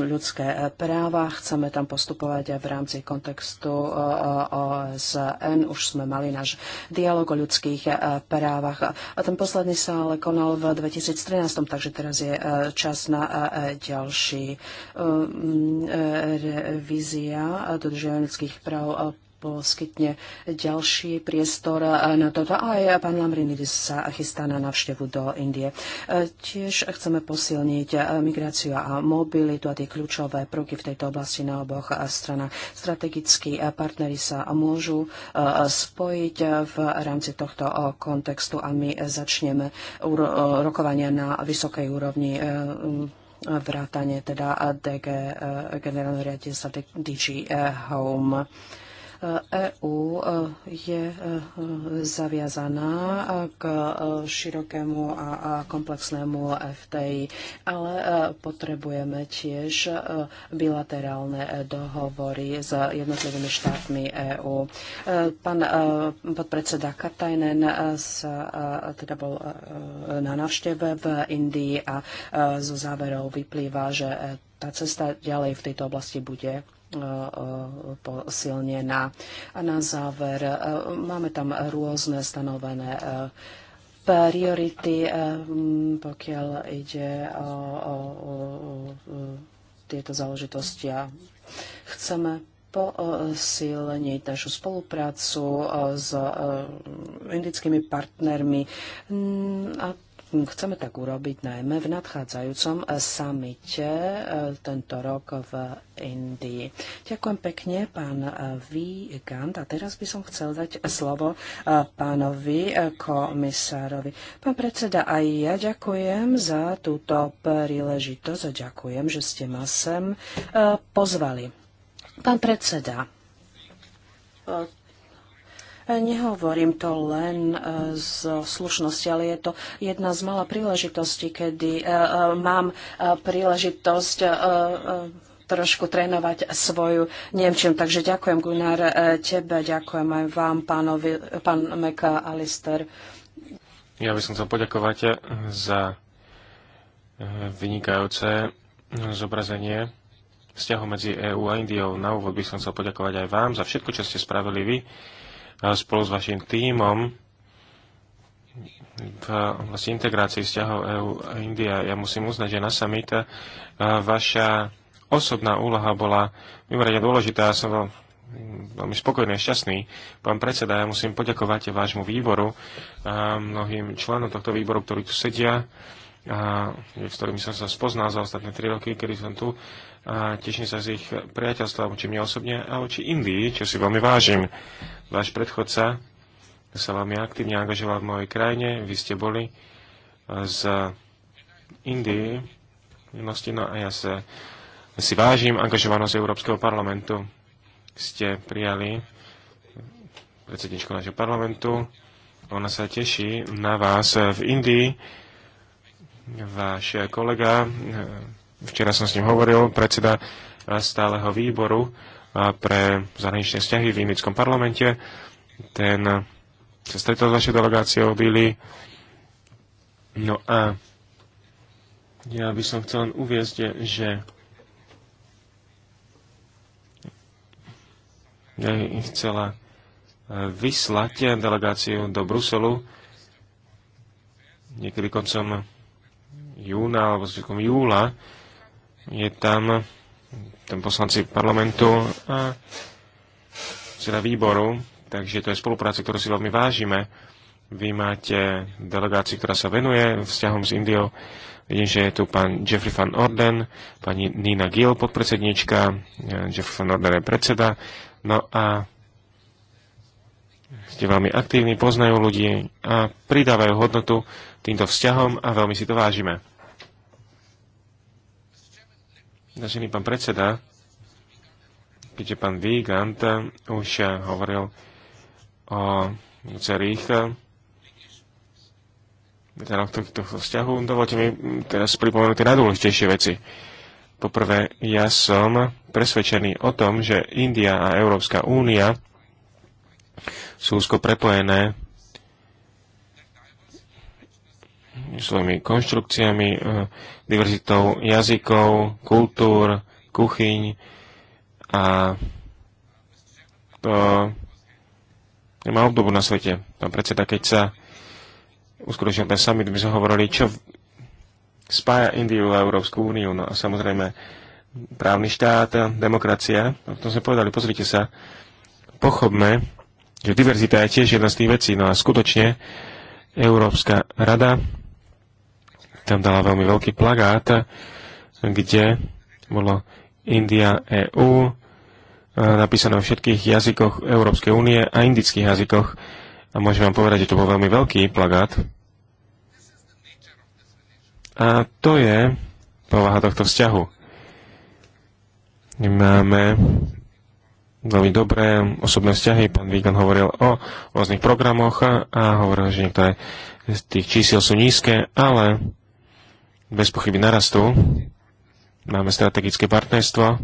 ľudské práva, a chceme tam postupovať aj v rámci kontextu eh, eh, OSN. Už sme mali náš dialog o ľudských eh, právach. A ten posledný sa ale konal v 2013, takže teraz je čas na ďalší mm, revízia dodržiavania ľudských práv poskytne ďalší priestor na toto. A aj pán Lambrinidis sa chystá na navštevu do Indie. E, tiež chceme posilniť e, migráciu a mobilitu a tie kľúčové prvky v tejto oblasti na oboch e, stranách. Strategickí partnery sa môžu spojiť v rámci tohto kontextu a my začneme rokovania na vysokej úrovni vrátane teda DG, generálneho riaditeľstva DG Home. EÚ e, e, e, je zaviazaná k širokému a komplexnému FTI, ale potrebujeme tiež bilaterálne dohovory s jednotlivými štátmi EÚ. Pán podpredseda Katajnen sa teda bol na návšteve v Indii a zo záverov vyplýva, že tá cesta ďalej v tejto oblasti bude E, e, posilnená. A na záver, e, máme tam rôzne stanovené priority, pokiaľ ide o, o, o tieto záležitosti a chceme posilniť našu spoluprácu s indickými partnermi a Chceme tak urobiť najmä v nadchádzajúcom samite e, tento rok v Indii. Ďakujem pekne, pán e, Vigand. A teraz by som chcel dať slovo e, pánovi komisárovi. Pán predseda, aj ja ďakujem za túto príležitosť a ďakujem, že ste ma sem pozvali. Pán predseda, Nehovorím to len e, z slušnosti, ale je to jedna z mala príležitostí, kedy e, e, mám príležitosť trošku trénovať svoju Nemčinu. Takže ďakujem, Gunnar, tebe, ďakujem aj vám, pánovi, pán Meka Alister. Ja by som chcel poďakovať za vynikajúce zobrazenie vzťahu medzi EÚ a Indiou. Na úvod by som chcel poďakovať aj vám za všetko, čo ste spravili vy spolu s vašim tímom v oblasti integrácii vzťahov EU a India. Ja musím uznať, že na summit e, vaša osobná úloha bola mimoriadne dôležitá. Ja som veľmi spokojný a šťastný. Pán predseda, ja musím poďakovať vášmu výboru a mnohým členom tohto výboru, ktorí tu sedia, a, s ktorými som sa spoznal za ostatné tri roky, kedy som tu a teším sa z ich priateľstva voči mne osobne a voči Indii, čo si veľmi vážim. Váš predchodca sa veľmi aktívne angažoval v mojej krajine, vy ste boli z Indii, no a ja sa, si vážim angažovanosť Európskeho parlamentu. Ste prijali predsedničku nášho parlamentu. Ona sa teší na vás v Indii. Váš kolega Včera som s ním hovoril, predseda eh, stáleho výboru eh, pre zahraničné vzťahy v Indickom parlamente. Ten eh, sa stretol s vašou delegáciou Bili. No a ja by som chcel len uviezť, že ja chcela vyslať delegáciu do Bruselu niekedy koncom júna alebo zvykom júla je tam tam poslanci parlamentu a teda výboru, takže to je spolupráca, ktorú si veľmi vážime. Vy máte delegáciu, ktorá sa venuje vzťahom s Indiou. Vidím, že je tu pán Jeffrey van Orden, pani Nina Gill, podpredsednička, Jeffrey van Orden je predseda. No a ste veľmi aktívni, poznajú ľudí a pridávajú hodnotu týmto vzťahom a veľmi si to vážime. Vážený pán predseda, keďže pán Vigant už hovoril o viacerých veteránoch eh, tohto vzťahu, dovolte mi teraz pripomenúť tie najdôležitejšie veci. Poprvé, ja som presvedčený o tom, že India a Európska únia sú úzko prepojené svojimi konštrukciami, e, diverzitou jazykov, kultúr, kuchyň a to nemá obdobu na svete. Pán predseda, keď sa uskutočnil ten summit, my sme hovorili, čo spája Indiu a Európsku úniu. No a samozrejme právny štát, demokracia. A v tom sme povedali, pozrite sa, pochopme, že diverzita je tiež jedna z tých vecí. No a skutočne Európska rada tam dala veľmi veľký plagát, kde bolo India EU, e, napísané vo všetkých jazykoch Európskej únie a indických jazykoch. A môžem vám povedať, že to bol veľmi veľký plagát. A to je povaha tohto vzťahu. Máme veľmi dobré osobné vzťahy. Pán Vigan hovoril o rôznych programoch a hovoril, že niektoré z tých čísiel sú nízke, ale bez pochyby narastú. Máme strategické partnerstvo,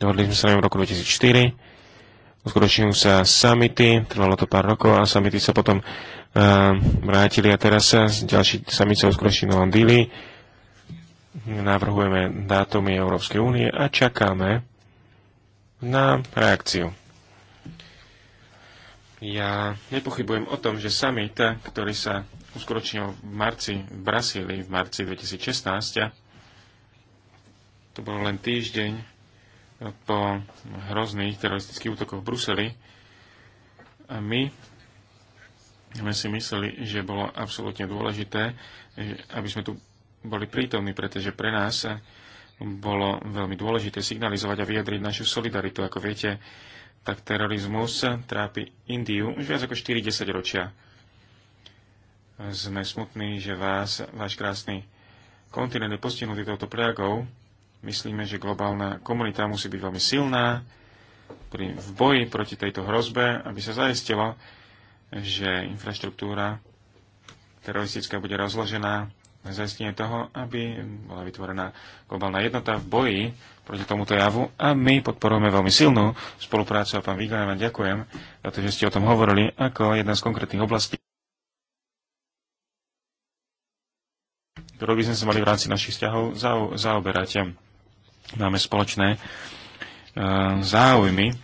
dohodli sme sa v roku 2004, uskutočňujú sa samity, trvalo to pár rokov a samity sa potom uh, vrátili a teraz sa ďalší summit sa uskutoční v Londýli. Navrhujeme dátumy Európskej únie a čakáme na reakciu. Ja nepochybujem o tom, že summit, ktorý sa uskutočnil v marci v Brasílii v marci 2016. To bol len týždeň po hrozných teroristických útokoch v Bruseli. A my sme si mysleli, že bolo absolútne dôležité, aby sme tu boli prítomní, pretože pre nás bolo veľmi dôležité signalizovať a vyjadriť našu solidaritu. Ako viete, tak terorizmus trápi Indiu už viac ako 40 ročia. Sme smutní, že vás, váš krásny kontinent je postihnutý touto plagou. Myslíme, že globálna komunita musí byť veľmi silná pri, v boji proti tejto hrozbe, aby sa zaistilo, že infraštruktúra teroristická bude rozložená na zaistenie toho, aby bola vytvorená globálna jednota v boji proti tomuto javu a my podporujeme veľmi silnú spoluprácu a pán ja vám ďakujem za to, že ste o tom hovorili ako jedna z konkrétnych oblastí, ktorou by sme sa mali v rámci našich vzťahov zaoberať. Máme spoločné e, záujmy.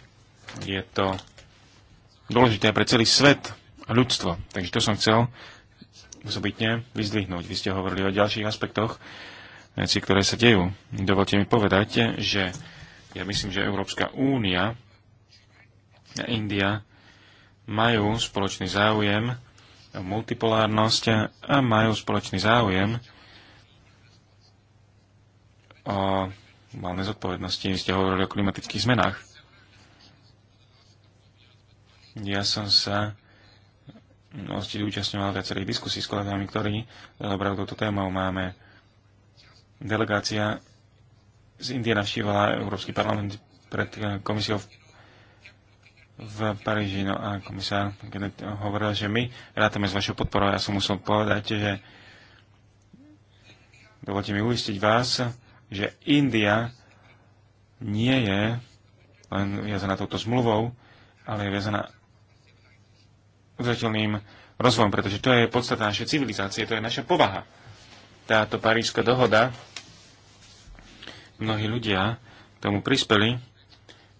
Je to dôležité pre celý svet a ľudstvo. Takže to som chcel osobitne vyzdvihnúť. Vy ste hovorili o ďalších aspektoch veci, ktoré sa dejú. Dovolte mi povedať, že ja myslím, že Európska únia a India majú spoločný záujem o multipolárnosť a majú spoločný záujem o globálnej zodpovednosti. Vy ste hovorili o klimatických zmenách. Ja som sa hosti účastňoval viacerých diskusí s kolegami, ktorí zaoberajú túto tému. Máme delegácia z Indie navštívala Európsky parlament pred komisiou v Paríži. No a komisár hovoril, že my rátame s vašou podporou. Ja som musel povedať, že dovolte mi uistiť vás, že India nie je len viazaná touto zmluvou, ale je viazaná udržateľným rozvojom, pretože to je podstata našej civilizácie, to je naša povaha. Táto parížska dohoda, mnohí ľudia tomu prispeli,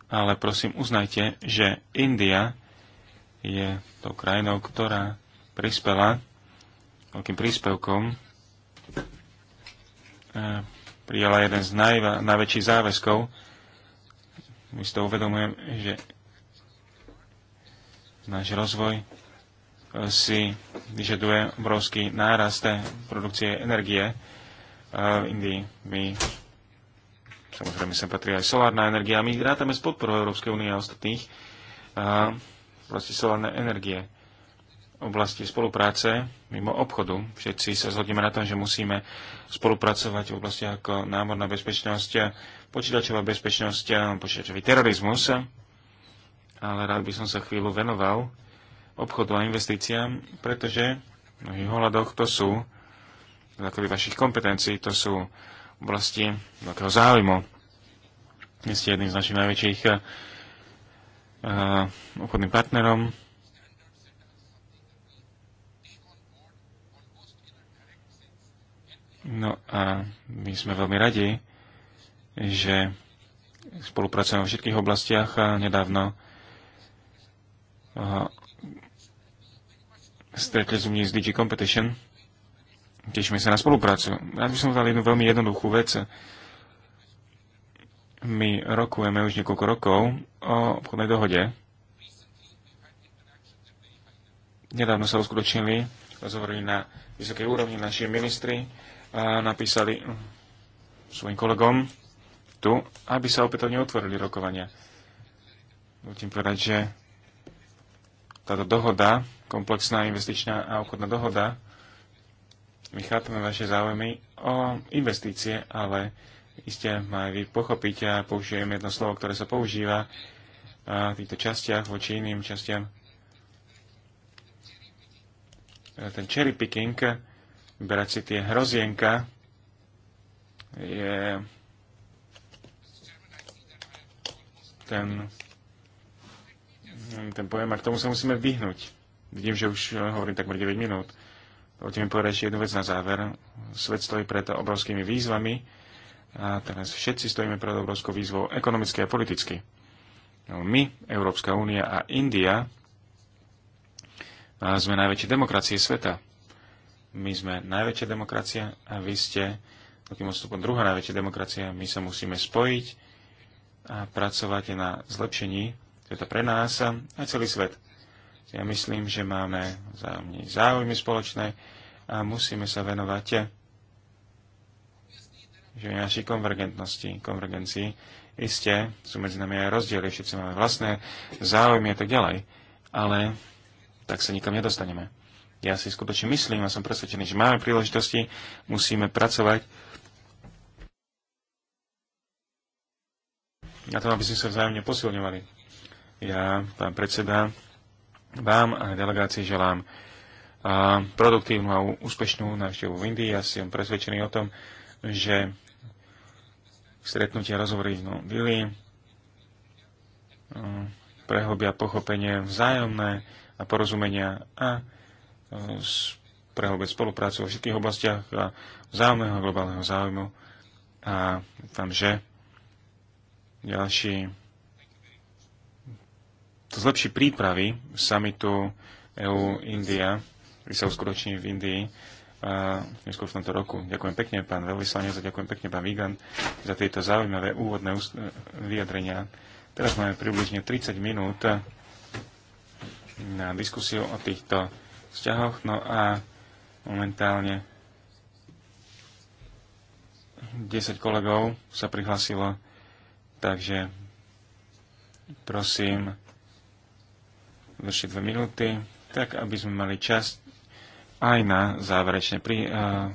ale prosím uznajte, že India je tou krajinou, ktorá prispela veľkým príspevkom eh, prijala jeden z naj, najväčších záväzkov. My si to uvedomujem, že náš rozvoj eh, si vyžaduje obrovský nárast produkcie energie eh, v Indii. My samozrejme sem patrí aj solárna energia. My rátame s podporou Európskej únie a ostatných eh, proste solárne energie oblasti spolupráce mimo obchodu. Všetci sa zhodneme na tom, že musíme spolupracovať v oblasti ako námorná bezpečnosť, počítačová bezpečnosť, počítačový terorizmus. Ale rád by som sa chvíľu venoval obchodu a investíciám, pretože v mnohých hľadoch to sú základy vašich kompetencií, to sú oblasti veľkého záujmu. Vy ste jedným z našich najväčších uh, obchodným partnerom No a my sme veľmi radi, že spolupracujeme v všetkých oblastiach a nedávno a stretli sme z DG Competition. Tešíme sa na spoluprácu. Rád by som dal jednu veľmi jednoduchú vec. My rokujeme už niekoľko rokov o obchodnej dohode. Nedávno sa uskutočnili rozhovory na vysokej úrovni naši ministri napísali svojim kolegom tu, aby sa opätovne otvorili rokovania. Musím povedať, že táto dohoda, komplexná investičná a obchodná dohoda, my chápeme vaše záujmy o investície, ale iste aj vy pochopíte a použijem jedno slovo, ktoré sa používa v týchto častiach voči iným častiam. Ten cherry picking vyberať si tie hrozienka je ten, ten pojem a k tomu sa musíme vyhnúť. Vidím, že už hovorím takmer 9 minút. Dovolte mi povedať ešte jednu vec na záver. Svet stojí pred obrovskými výzvami a teraz všetci stojíme pred obrovskou výzvou ekonomicky a politicky. No, my, Európska únia a India sme najväčšie demokracie sveta my sme najväčšia demokracia a vy ste takým odstupom druhá najväčšia demokracia. My sa musíme spojiť a pracovať na zlepšení, to je to pre nás a aj celý svet. Ja myslím, že máme vzájomne záujmy spoločné a musíme sa venovať že našej konvergentnosti, konvergencii. Isté sú medzi nami aj rozdiely, všetci máme vlastné záujmy a tak ďalej, ale tak sa nikam nedostaneme. Ja si skutočne myslím a som presvedčený, že máme príležitosti, musíme pracovať na tom, aby sme sa vzájomne posilňovali. Ja, pán predseda, vám a delegácii želám a produktívnu a úspešnú návštevu v Indii. Ja som presvedčený o tom, že stretnutia rozhovory v Novili prehlbia pochopenie vzájomné a porozumenia a prehlbiť spoluprácu vo všetkých oblastiach vzájomného globálneho záujmu a tam, že ďalší to zlepší prípravy samitu EU-India, ktorý sa uskutoční v Indii neskôr v tomto roku. Ďakujem pekne, pán veľvyslanec, a ďakujem pekne, pán Vigan, za tieto zaujímavé úvodné vyjadrenia. Teraz máme približne 30 minút na diskusiu o týchto vzťahoch. No a momentálne 10 kolegov sa prihlasilo, takže prosím vršiť dve minúty, tak aby sme mali čas aj na záverečné pri, uh,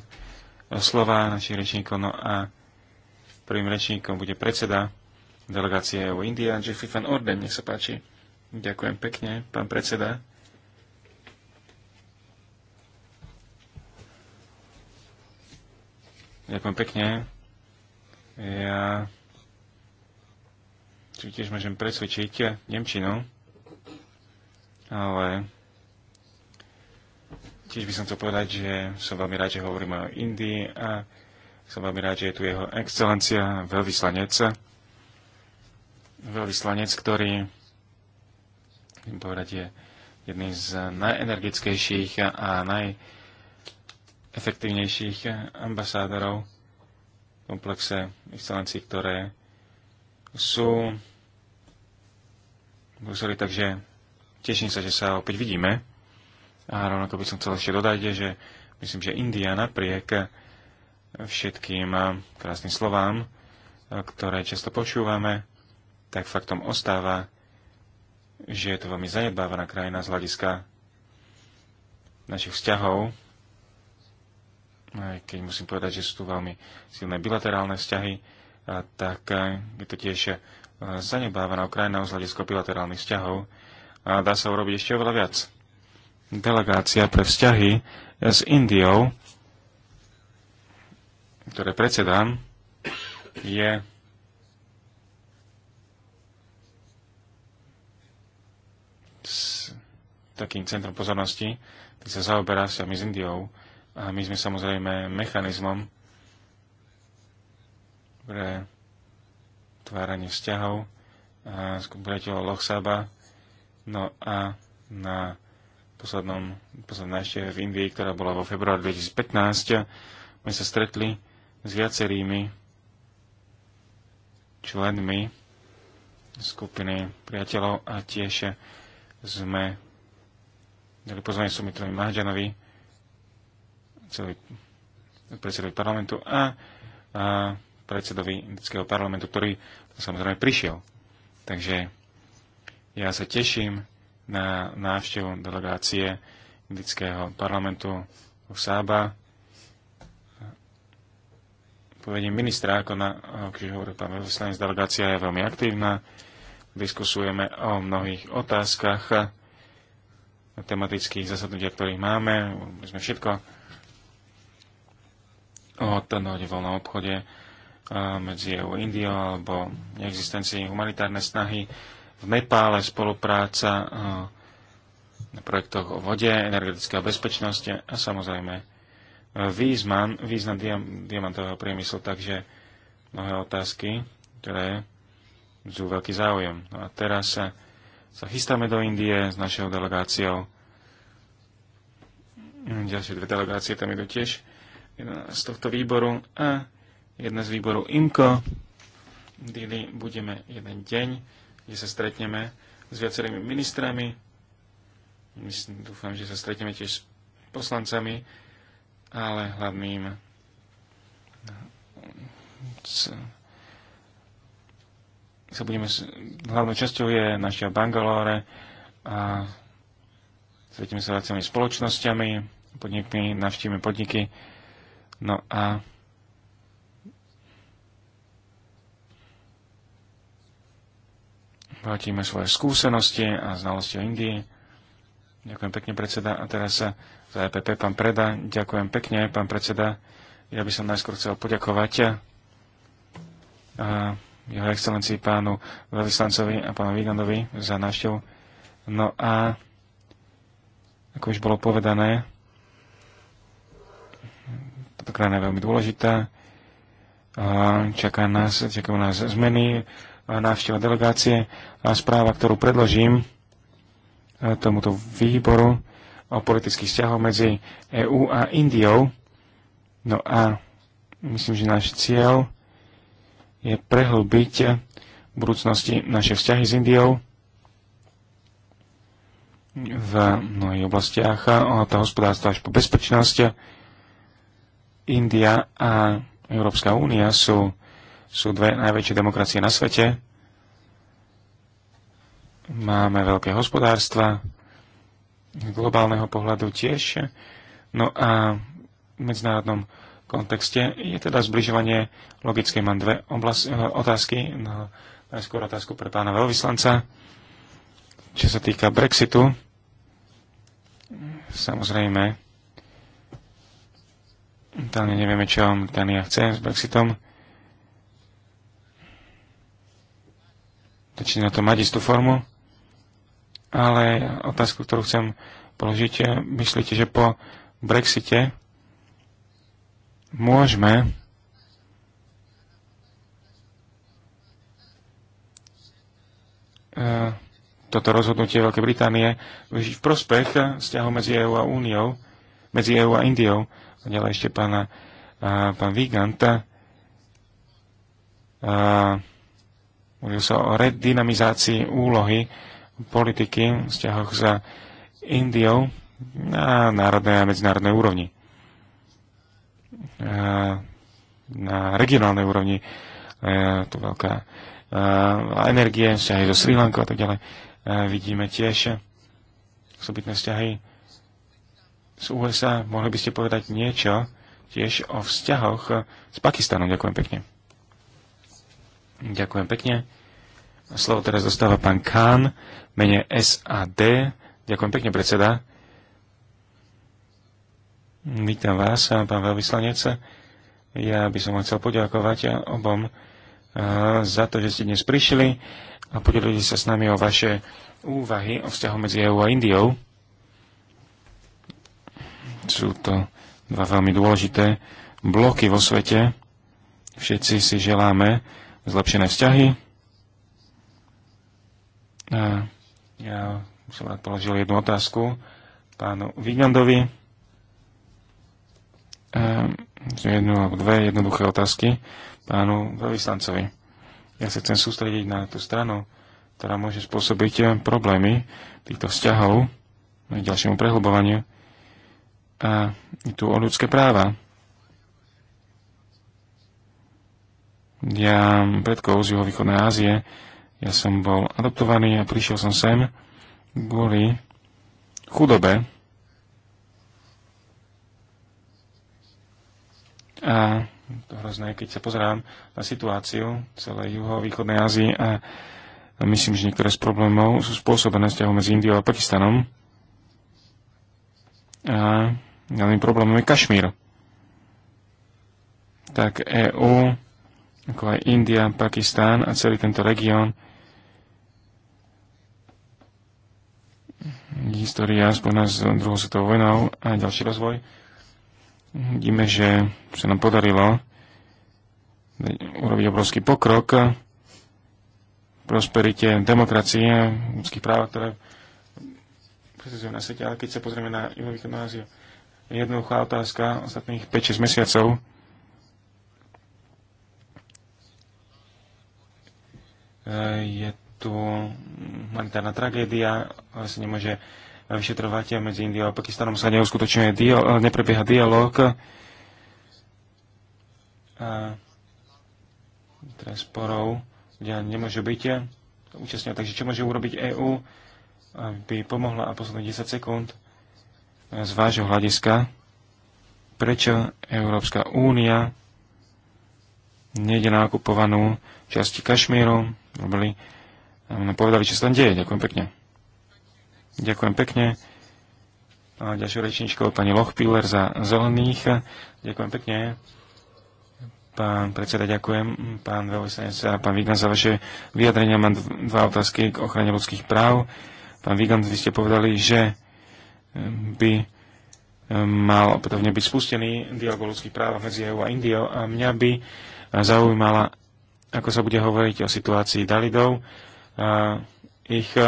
slova našich rečníkov. No a prvým rečníkom bude predseda delegácie EU India, Jeffrey van Orden, nech sa páči. Ďakujem pekne, pán predseda. Ďakujem pekne. Ja si tiež môžem presvedčiť Nemčinu, ale tiež by som chcel povedať, že som veľmi rád, že hovoríme o Indii a som veľmi rád, že je tu jeho excelencia, veľvyslanec. Veľvyslanec, ktorý, chcem povedať, je jedným z najenergickejších a naj efektívnejších ambasádorov v komplexe excelencií, ktoré sú Bruseli, takže teším sa, že sa opäť vidíme. A rovnako by som chcel ešte dodať, že myslím, že India napriek všetkým krásnym slovám, ktoré často počúvame, tak faktom ostáva, že je to veľmi zanedbávaná krajina z hľadiska našich vzťahov aj keď musím povedať, že sú tu veľmi silné bilaterálne vzťahy, tak e, je to tiež e, zanebávaná Ukrajina z hľadiska bilaterálnych vzťahov a dá sa urobiť ešte oveľa viac. Delegácia pre vzťahy s Indiou, ktoré predsedám, je s takým centrom pozornosti, ktorý sa zaoberá vzťahmi s Indiou a my sme samozrejme mechanizmom pre tváranie vzťahov a priateľov Lochsaba. No a na poslednom, poslednom ešte v Indii, ktorá bola vo februári 2015, sme sa stretli s viacerými členmi skupiny priateľov a tiež sme dali pozvanie Sumitrovi Mahďanovi, celý predsedovi parlamentu a, a predsedovi indického parlamentu, ktorý samozrejme prišiel. Takže ja sa teším na návštevu delegácie indického parlamentu u Sába. Povedím ministra, ako na, keďže hovorí pán veľvyslanec, delegácia je veľmi aktívna. Diskusujeme o mnohých otázkach, tematických zasadnutiach, ktorých máme. Sme všetko o dohode voľnom obchode e, medzi EU a Indiou alebo existencii humanitárnej snahy v Nepále spolupráca e, na projektoch o vode, energetická bezpečnosť a samozrejme e, význam, význam diamantového priemyslu, takže mnohé otázky, ktoré sú veľký záujem. No a teraz sa, sa chystáme do Indie s našou delegáciou. Ďalšie dve delegácie tam idú tiež z tohto výboru a jedna z výboru IMCO, kedy budeme jeden deň, kde sa stretneme s viacerými ministrami. Myslím, dúfam, že sa stretneme tiež s poslancami, ale hlavným sa budeme, hlavnou časťou je naša Bangalore a stretneme sa s viacerými spoločnosťami, podnikmi, navštívime podniky No a vrátime svoje skúsenosti a znalosti o Indii. Ďakujem pekne, predseda. A teraz sa za EPP pán Preda. Ďakujem pekne, pán predseda. Ja by som najskôr chcel poďakovať a eh, jeho excelencii pánu Velislancovi a pánu Vigandovi za návštevu. No a ako už bolo povedané, táto krajina je veľmi dôležitá. Čaká nás, čakajú nás zmeny, návšteva delegácie a správa, ktorú predložím e, tomuto výboru o politických vzťahoch medzi EÚ a Indiou. No a myslím, že náš cieľ je prehlbiť v budúcnosti naše vzťahy s Indiou v mnohých oblastiach, od hospodárstva až po bezpečnosť India a Európska únia sú, sú dve najväčšie demokracie na svete. Máme veľké hospodárstva, globálneho pohľadu tiež. No a v medzinárodnom kontexte je teda zbližovanie logické. Mám dve oblast, e, otázky. No, najskôr otázku pre pána veľvyslanca. Čo sa týka Brexitu, samozrejme, Momentálne nevieme, čo Británia chce s Brexitom. Začína to mať istú formu. Ale otázku, ktorú chcem položiť, myslíte, že po Brexite môžeme e, toto rozhodnutie Veľkej Británie využiť v prospech vzťahu medzi EU a Úniou, medzi EU a Indiou ďalej ešte pána, a, pán Viganta. A, Mluvil sa o redynamizácii úlohy politiky v vzťahoch za Indiou na národnej a medzinárodnej úrovni. A na regionálnej úrovni je tu veľká energie, vzťahy so Sri Lankou a tak ďalej. A vidíme tiež osobitné vzťahy z USA. Mohli by ste povedať niečo tiež o vzťahoch s Pakistanom. Ďakujem pekne. Ďakujem pekne. Slovo teraz dostáva pán Khan, mene SAD. Ďakujem pekne, predseda. Vítam vás, pán veľvyslanec. Ja by som vám chcel poďakovať obom eh, za to, že ste dnes prišli a podelili sa s nami o vaše úvahy o vzťahu medzi EU a Indiou. Sú to dva veľmi dôležité bloky vo svete. Všetci si želáme zlepšené vzťahy. A ja som rád položil jednu otázku pánu Vigandovi. Ehm, jednu alebo dve jednoduché otázky pánu veľvyslancovi. Ja sa chcem sústrediť na tú stranu, ktorá môže spôsobiť problémy týchto vzťahov k ďalšiemu prehlbovaniu a je tu o ľudské práva. Ja predkov z juhovýchodnej Ázie, ja som bol adoptovaný a prišiel som sem kvôli chudobe a to hrozné, keď sa pozerám na situáciu celej juhovýchodnej Ázie a myslím, že niektoré z problémov sú spôsobené vzťahom medzi Indiou a Pakistanom. A hlavným problémom je Kašmír. Tak EÚ, ako aj India, Pakistán a celý tento región, história spojená s druhou svetovou vojnou a ďalší rozvoj, vidíme, že sa nám podarilo urobiť obrovský pokrok v prosperite demokracie a ľudských práv, ktoré presadzujú na svete. Ale keď sa pozrieme na juhovýchodnú Áziu, jednoduchá otázka ostatných 5-6 mesiacov. Eh, je tu humanitárna tragédia, sa nemôže vyšetrovať medzi Indiou a Pakistanom sa neuskutočňuje dialog, eh, neprebieha dialog. A teraz sporov, kde nemôže byť eh, účastňovať. Takže čo môže urobiť EÚ, aby pomohla a posledných 10 sekúnd z vášho hľadiska, prečo Európska únia nejde na okupovanú časti Kašmíru, robili, no, povedali, čo sa tam deje. Ďakujem pekne. Ďakujem pekne. A ďalšou rečničkou pani Lochpiller za zelených. Ďakujem pekne. Pán predseda, ďakujem. Pán veľvyslanec a pán Vigan za vaše vyjadrenia. Mám dva otázky k ochrane ľudských práv. Pán Vigan, vy ste povedali, že by ehm, mal opätovne byť spustený dialog o ľudských právach medzi EU a Indiou a mňa by zaujímala, ako sa bude hovoriť o situácii Dalidov, ich e,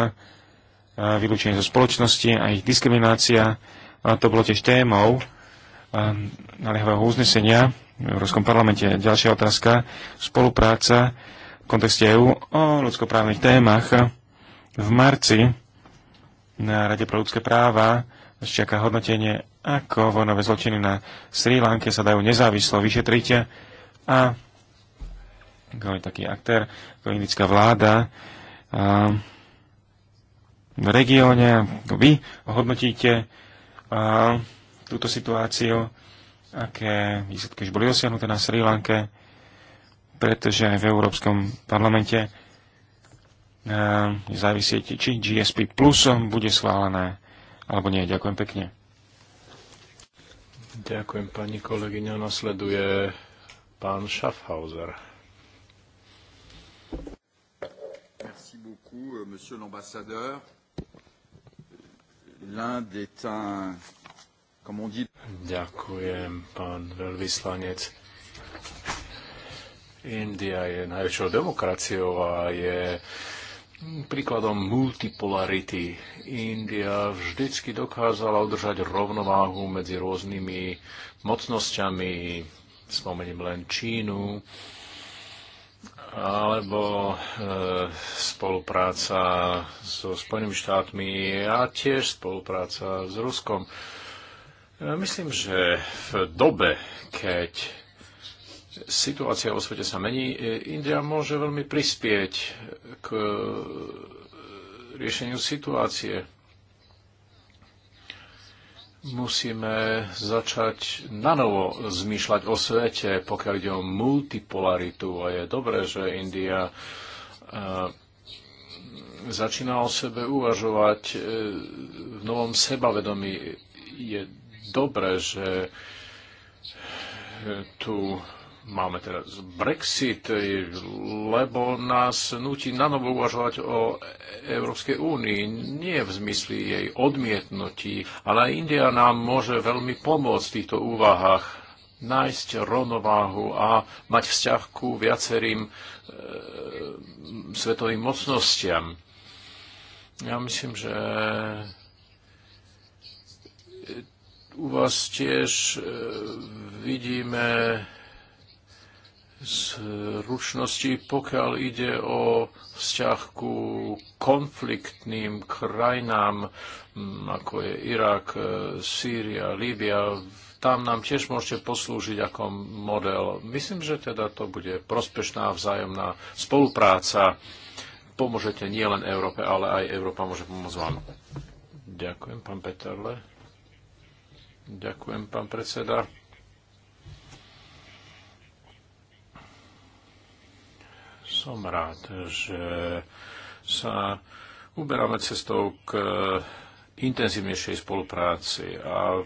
vylúčenie zo spoločnosti a ich diskriminácia. A to bolo tiež témou naliehavého uznesenia v Európskom parlamente. Ďalšia otázka, spolupráca v kontexte EU o ľudskoprávnych témach. V marci na Rade pro ľudské práva čaká hodnotenie, ako vojnové zločiny na Sri Lanke sa dajú nezávislo vyšetriť a ako je taký aktér, ako indická vláda a, v regióne, vy hodnotíte a, túto situáciu, aké výsledky už boli dosiahnuté na Sri Lanke, pretože aj v Európskom parlamente Ehm, závisieť, či GSP Plus bude schválené, alebo nie. Ďakujem pekne. Ďakujem, pani kolegyňa. Nasleduje pán Schaffhauser. Merci beaucoup, euh, monsieur l'ambassadeur. L'Inde est un, comme on dit... Ďakujem, pán veľvyslanec. India je najväčšou demokraciou a je príkladom multipolarity. India vždycky dokázala udržať rovnováhu medzi rôznymi mocnosťami, spomeniem len Čínu, alebo e, spolupráca so Spojenými štátmi a tiež spolupráca s Ruskom. E, myslím, že v dobe, keď Situácia vo svete sa mení. India môže veľmi prispieť k e, riešeniu situácie. Musíme začať nanovo zmýšľať o svete, pokiaľ ide o multipolaritu. A je dobré, že India e, začína o sebe uvažovať e, v novom sebavedomí. Je dobré, že tu máme teraz Brexit, lebo nás nutí na novo uvažovať o Európskej únii, nie v zmysli jej odmietnutí, ale India nám môže veľmi pomôcť v týchto úvahách nájsť rovnováhu a mať vzťah ku viacerým e, svetovým mocnostiam. Ja myslím, že eh, u vás tiež e, vidíme zručnosti, pokiaľ ide o vzťah ku konfliktným krajinám, mm, ako je Irak, e, Sýria, Líbia. Tam nám tiež môžete poslúžiť ako model. Myslím, že teda to bude prospešná vzájomná spolupráca. Pomôžete nielen Európe, ale aj Európa môže pomôcť vám. Ďakujem, pán Peterle. Ďakujem, pán predseda. Som rád, že sa uberáme cestou k intenzívnejšej spolupráci a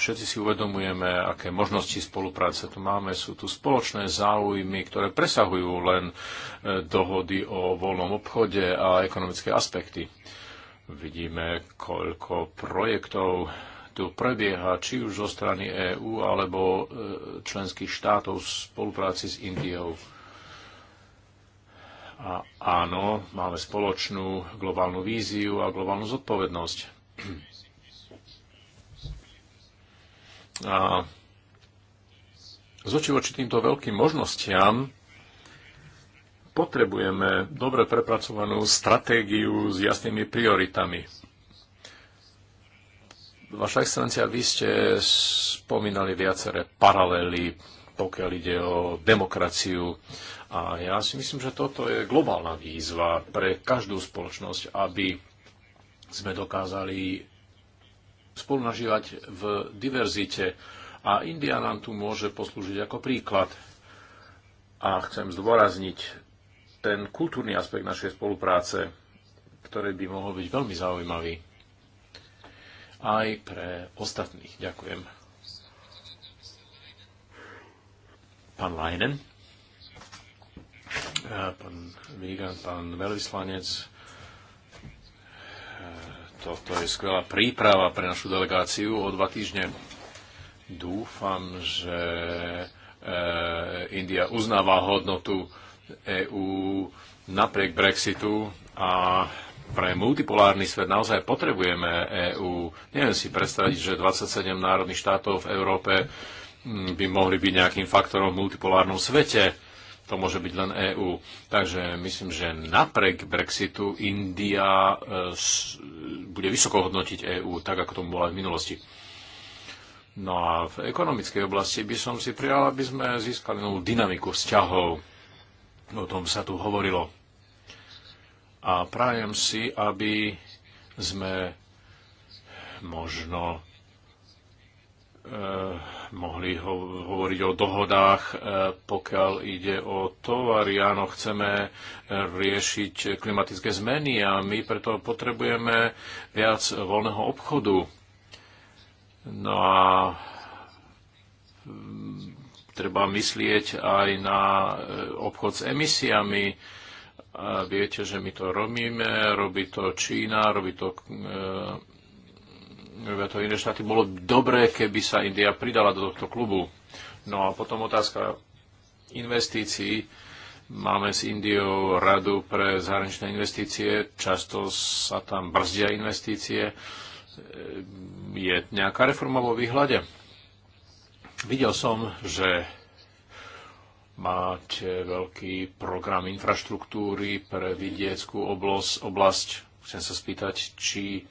všetci si uvedomujeme, aké možnosti spolupráce tu máme. Sú tu spoločné záujmy, ktoré presahujú len e, dohody o voľnom obchode a ekonomické aspekty. Vidíme, koľko projektov tu prebieha, či už zo strany EÚ alebo e, členských štátov v spolupráci s Indiou. A áno, máme spoločnú globálnu víziu a globálnu zodpovednosť. A z oči voči týmto veľkým možnostiam potrebujeme dobre prepracovanú stratégiu s jasnými prioritami. Vaša excelencia, vy ste spomínali viaceré paralely, pokiaľ ide o demokraciu, a ja si myslím, že toto je globálna výzva pre každú spoločnosť, aby sme dokázali spolunažívať v diverzite. A India nám tu môže poslúžiť ako príklad. A chcem zdôrazniť ten kultúrny aspekt našej spolupráce, ktorý by mohol byť veľmi zaujímavý aj pre ostatných. Ďakujem. Pán Leinen pán Vígan, pán veľvyslanec. E, toto je skvelá príprava pre našu delegáciu o dva týždne. Dúfam, že e, India uznáva hodnotu EÚ napriek Brexitu a pre multipolárny svet naozaj potrebujeme EÚ. Neviem si predstaviť, že 27 národných štátov v Európe by mohli byť nejakým faktorom v multipolárnom svete to môže byť len EÚ. Takže myslím, že napriek Brexitu India e, bude vysoko hodnotiť EÚ, tak ako tomu bola aj v minulosti. No a v ekonomickej oblasti by som si prijal, aby sme získali novú dynamiku vzťahov. O tom sa tu hovorilo. A prajem si, aby sme možno e, mohli ho- hovoriť o dohodách, e, pokiaľ ide o tovary. Áno, chceme e, riešiť klimatické zmeny a my preto potrebujeme viac voľného obchodu. No a mm, treba myslieť aj na e, obchod s emisiami. A viete, že my to robíme, robí to Čína, robí to e, robia to iné štáty, bolo dobré, keby sa India pridala do tohto klubu. No a potom otázka investícií. Máme s Indiou radu pre zahraničné investície, často sa tam brzdia investície. Je nejaká reforma vo výhľade? Videl som, že máte veľký program infraštruktúry pre vidieckú oblasť. Chcem sa spýtať, či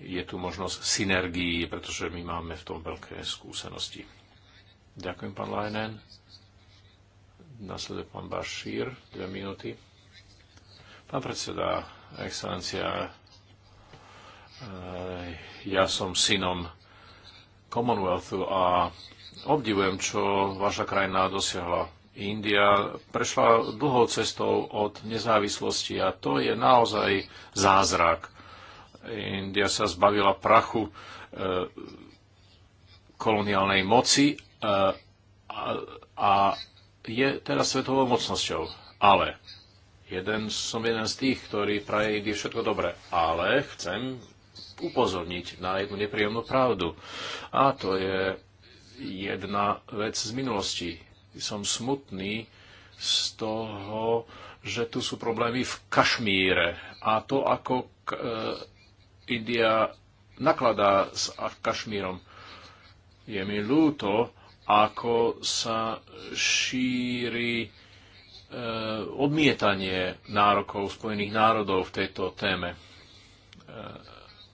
je tu možnosť synergií, pretože my máme v tom veľké skúsenosti. Ďakujem, pán Lajnen. Nasleduje pán Bašír, dve minúty. Pán predseda, excelencia, eh, ja som synom Commonwealthu a obdivujem, čo vaša krajina dosiahla. India prešla dlhou cestou od nezávislosti a to je naozaj zázrak. India sa zbavila prachu e, koloniálnej moci e, a, a je teraz svetovou mocnosťou. Ale jeden, som jeden z tých, ktorý praje Indii všetko dobré. Ale chcem upozorniť na jednu nepríjemnú pravdu. A to je jedna vec z minulosti. Som smutný z toho, že tu sú problémy v Kašmíre. A to, ako e, India nakladá s Kašmírom. Je mi ľúto, ako sa šíri e, odmietanie nárokov Spojených národov v tejto téme. E,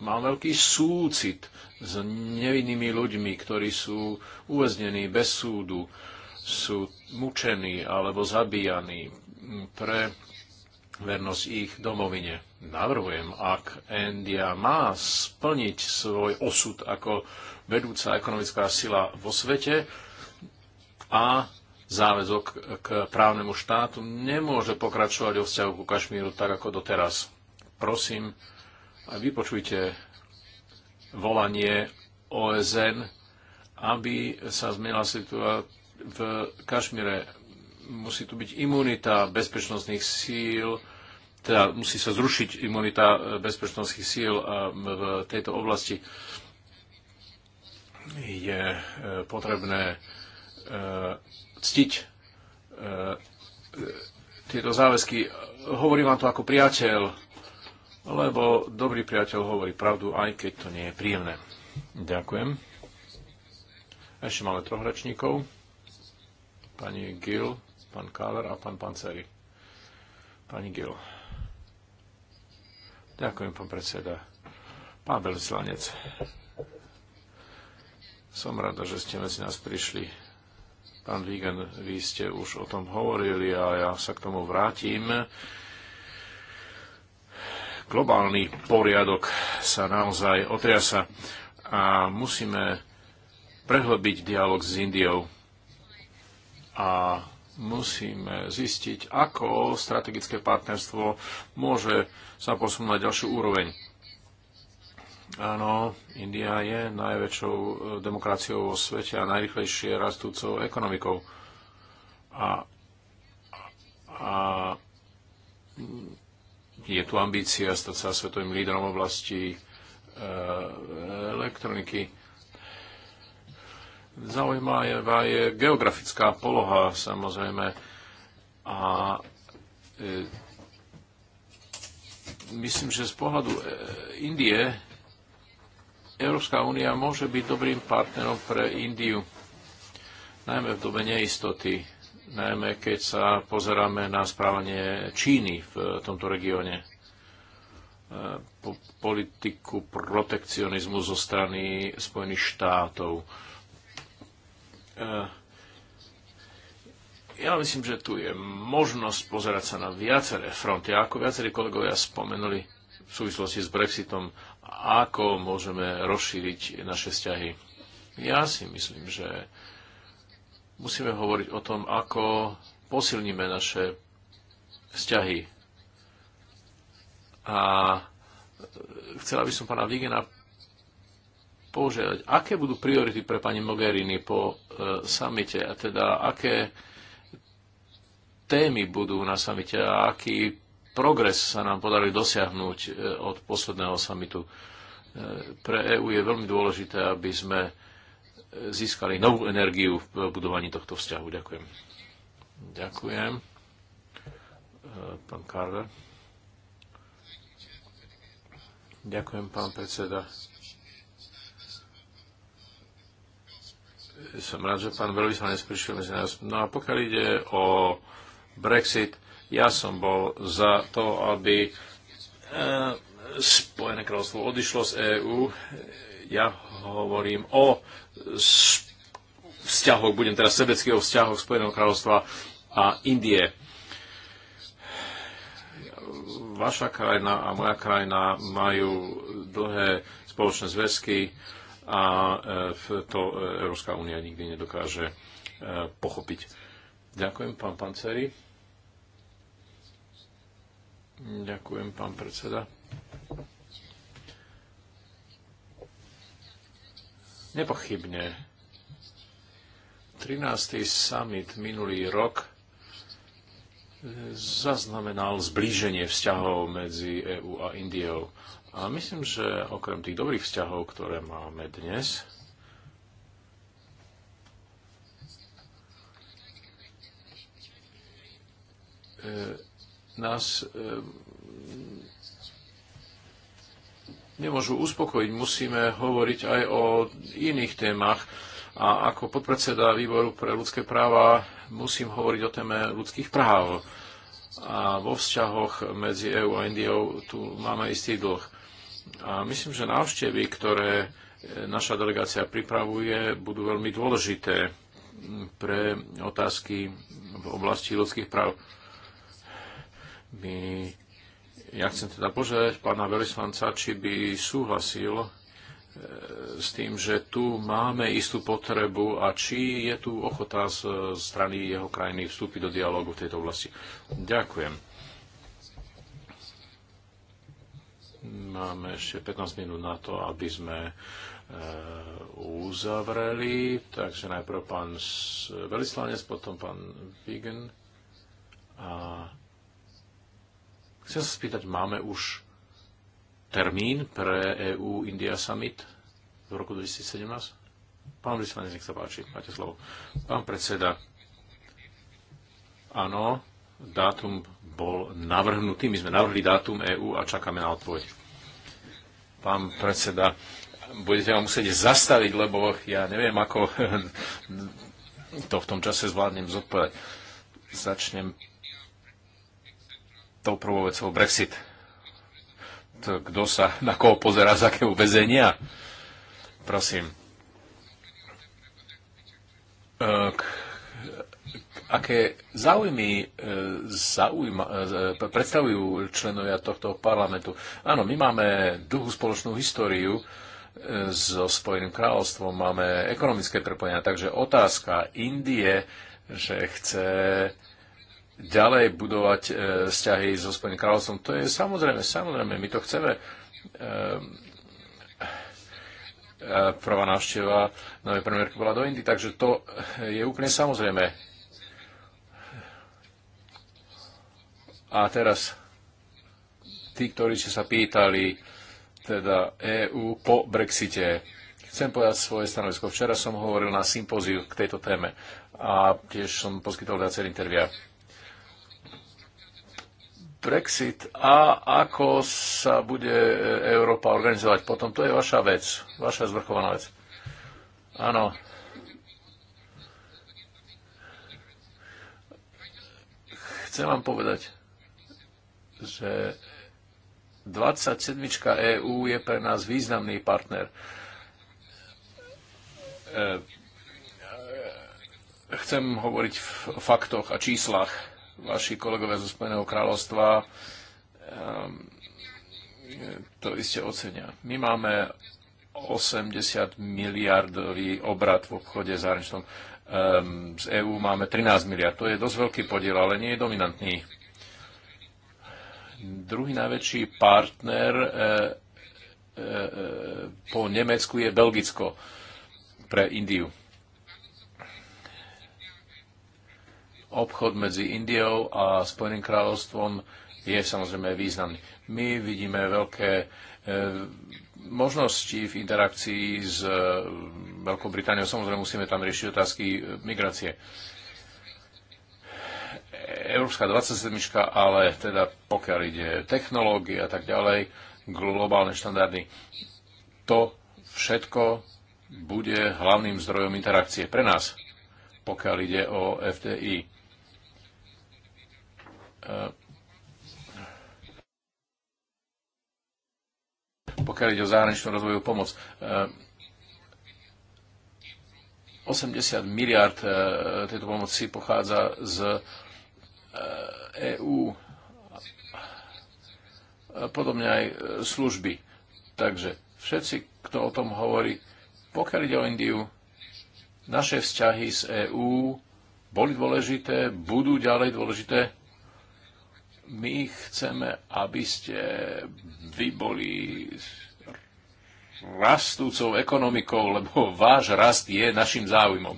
mám veľký súcit s nevinnými ľuďmi, ktorí sú uväznení bez súdu, sú mučení alebo zabíjani pre vernosť ich domovine navrhujem, ak India má splniť svoj osud ako vedúca ekonomická sila vo svete a záväzok k právnemu štátu, nemôže pokračovať o vzťahu ku Kašmíru tak ako doteraz. Prosím, vypočujte volanie OSN, aby sa zmenila situácia v Kašmíre. Musí tu byť imunita bezpečnostných síl, teda musí sa zrušiť imunita e, bezpečnostných síl v tejto oblasti. Je e, potrebné e, ctiť tieto záväzky. Hovorím vám to ako priateľ, lebo dobrý priateľ hovorí pravdu, aj keď to nie je príjemné. Ďakujem. Ešte máme troch rečníkov. Pani Gil, pán Káler a pán Panceri. Pani Gil. Ďakujem, pán predseda. Pán veľvyslanec, som rada, že ste medzi nás prišli. Pán Vígan, vy ste už o tom hovorili a ja sa k tomu vrátim. Globálny poriadok sa naozaj otriasa a musíme prehlbiť dialog s Indiou a musíme zistiť, ako strategické partnerstvo môže sa posunúť na ďalšiu úroveň. Áno, India je najväčšou eh, demokraciou vo svete a najrychlejšie rastúcou ekonomikou. A, a je tu ambícia stať sa svetovým lídrom oblasti eh, elektroniky Zaujímavá je geografická poloha, samozrejme. A e, myslím, že z pohľadu e, Indie Európska únia môže byť dobrým partnerom pre Indiu, najmä v dobe neistoty, najmä keď sa pozeráme na správanie Číny v tomto regióne e, politiku protekcionizmu zo strany Spojených štátov. Eh, ja myslím, že tu je možnosť pozerať sa na viaceré fronty. Ako viacerí kolegovia spomenuli v súvislosti s Brexitom, ako môžeme rozšíriť naše vzťahy. Ja si myslím, že musíme hovoriť o tom, ako posilníme naše vzťahy. A chcela by som pána Vigena požiadať, aké budú priority pre pani Mogherini po e, samite a teda aké témy budú na samite a aký progres sa nám podarí dosiahnuť e, od posledného samitu. E, pre EÚ je veľmi dôležité, aby sme získali novú energiu v budovaní tohto vzťahu. Ďakujem. Ďakujem. E, pán Carver. Ďakujem, pán predseda. som rád, že pán veľvyslanec prišiel medzi nás. No a pokiaľ ide o Brexit, ja som bol za to, aby eh, Spojené kráľovstvo odišlo z EÚ. Ja hovorím o vzťahoch, budem teraz sebecký o vzťahoch Spojeného kráľovstva a Indie. Vaša krajina a moja krajina majú dlhé spoločné zväzky a e, to e, Európska únia nikdy nedokáže e, pochopiť. Ďakujem, pán Panceri. Ďakujem, pán predseda. Nepochybne. 13. summit minulý rok zaznamenal zblíženie vzťahov medzi EÚ a Indiou. A myslím, že okrem tých dobrých vzťahov, ktoré máme dnes, e, nás e, nemôžu uspokojiť. Musíme hovoriť aj o iných témach. A ako podpredseda výboru pre ľudské práva musím hovoriť o téme ľudských práv. A vo vzťahoch medzi EU a Indiou tu máme istý dlh. A myslím, že návštevy, ktoré e, naša delegácia pripravuje, budú veľmi dôležité pre otázky v oblasti ľudských práv. My, ja chcem teda požiadať pána Velislanca, či by súhlasil e, s tým, že tu máme istú potrebu a či je tu ochota z e, strany jeho krajiny vstúpiť do dialogu v tejto oblasti. Ďakujem. Máme ešte 15 minút na to, aby sme e, uzavreli. Takže najprv pán Velislanec, potom pán Vigen. A chcem sa spýtať, máme už termín pre EU India Summit v roku 2017? Pán Velislanec, nech sa páči, máte slovo. Pán predseda, áno, dátum bol navrhnutý, my sme navrhli dátum EU a čakáme na odpoveď pán predseda, budete ma musieť zastaviť, lebo ja neviem, ako to v tom čase zvládnem zodpovedať. Začnem tou prvou vecou Brexit. To, kto sa na koho pozera, z akého väzenia? Prosím. Uh, aké záujmy e, zaujma, e, predstavujú členovia tohto parlamentu. Áno, my máme dlhú spoločnú históriu e, so Spojeným kráľovstvom, máme ekonomické prepojenia, takže otázka Indie, že chce ďalej budovať vzťahy so Spojeným kráľovstvom, to je samozrejme, samozrejme, my to chceme prvá návšteva novej premiérky bola do Indy, takže to je úplne samozrejme. A teraz tí, ktorí ste sa pýtali, teda EÚ po Brexite. Chcem povedať svoje stanovisko. Včera som hovoril na sympóziu k tejto téme a tiež som poskytol viaceré intervia. Brexit a ako sa bude Európa organizovať potom, to je vaša vec, vaša zvrchovaná vec. Áno. Chcem vám povedať, že 27. EÚ je pre nás významný partner. E, e, chcem hovoriť o faktoch a číslach. Vaši kolegovia zo Spojeného kráľovstva ehm, to iste ocenia. My máme 80 miliardový obrad v obchode zahraničnom. Ehm, z EÚ máme 13 miliard. To je dosť veľký podiel, ale nie je dominantný Druhý najväčší partner e, e, e, po Nemecku je Belgicko pre Indiu. Obchod medzi Indiou a Spojeným kráľovstvom je samozrejme významný. My vidíme veľké možnosti v interakcii s Veľkou Britániou. Samozrejme musíme tam riešiť otázky migrácie. Európska 27, ale teda pokiaľ ide technológie a tak ďalej, globálne štandardy, to všetko bude hlavným zdrojom interakcie pre nás, pokiaľ ide o FDI. E, pokiaľ ide o zahraničnú rozvojovú pomoc, 80 e, miliard e, tejto pomoci pochádza z EÚ, e podobne aj e, služby. Takže všetci, kto o tom hovorí, pokiaľ ide o Indiu, naše vzťahy s EÚ boli dôležité, budú ďalej dôležité. My chceme, aby ste vy boli rastúcou ekonomikou, lebo váš rast je našim záujmom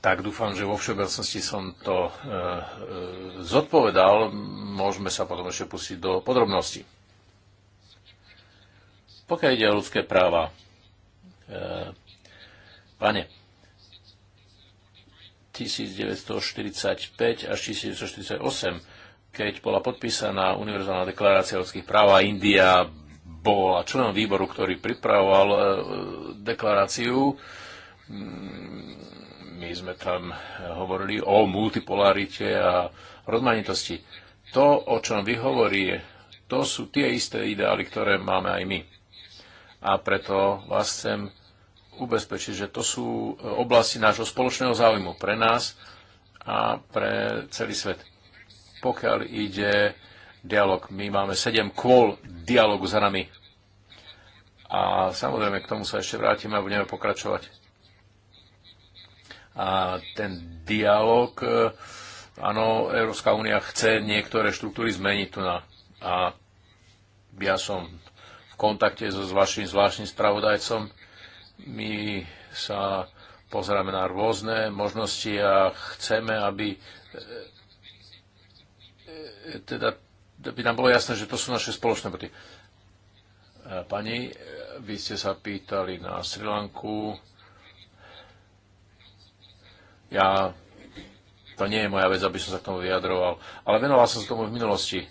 tak dúfam, že vo všeobecnosti som to e, e, zodpovedal. Môžeme sa potom ešte pustiť do podrobností. Pokiaľ ide o ľudské práva, e, pane, 1945 až 1948, keď bola podpísaná Univerzálna deklarácia ľudských práv a India bola členom výboru, ktorý pripravoval e, deklaráciu, my sme tam eh, hovorili o multipolarite a rozmanitosti. To, o čom vy hovorí, to sú tie isté ideály, ktoré máme aj my. A preto vás chcem ubezpečiť, že to sú eh, oblasti nášho spoločného záujmu pre nás a pre celý svet. Pokiaľ ide dialog, my máme sedem kôl dialogu za nami. A samozrejme, k tomu sa ešte vrátime a budeme pokračovať a ten dialog, e, áno, Európska únia chce niektoré štruktúry zmeniť tu na. A ja som v kontakte so vašim zvláštnym spravodajcom. My sa pozeráme na rôzne možnosti a chceme, aby e, e, teda aby nám bolo jasné, že to sú naše spoločné body. Pani, vy ste sa pýtali na Sri Lanku, ja, to nie je moja vec, aby som sa k tomu vyjadroval, ale venoval som sa tomu v minulosti.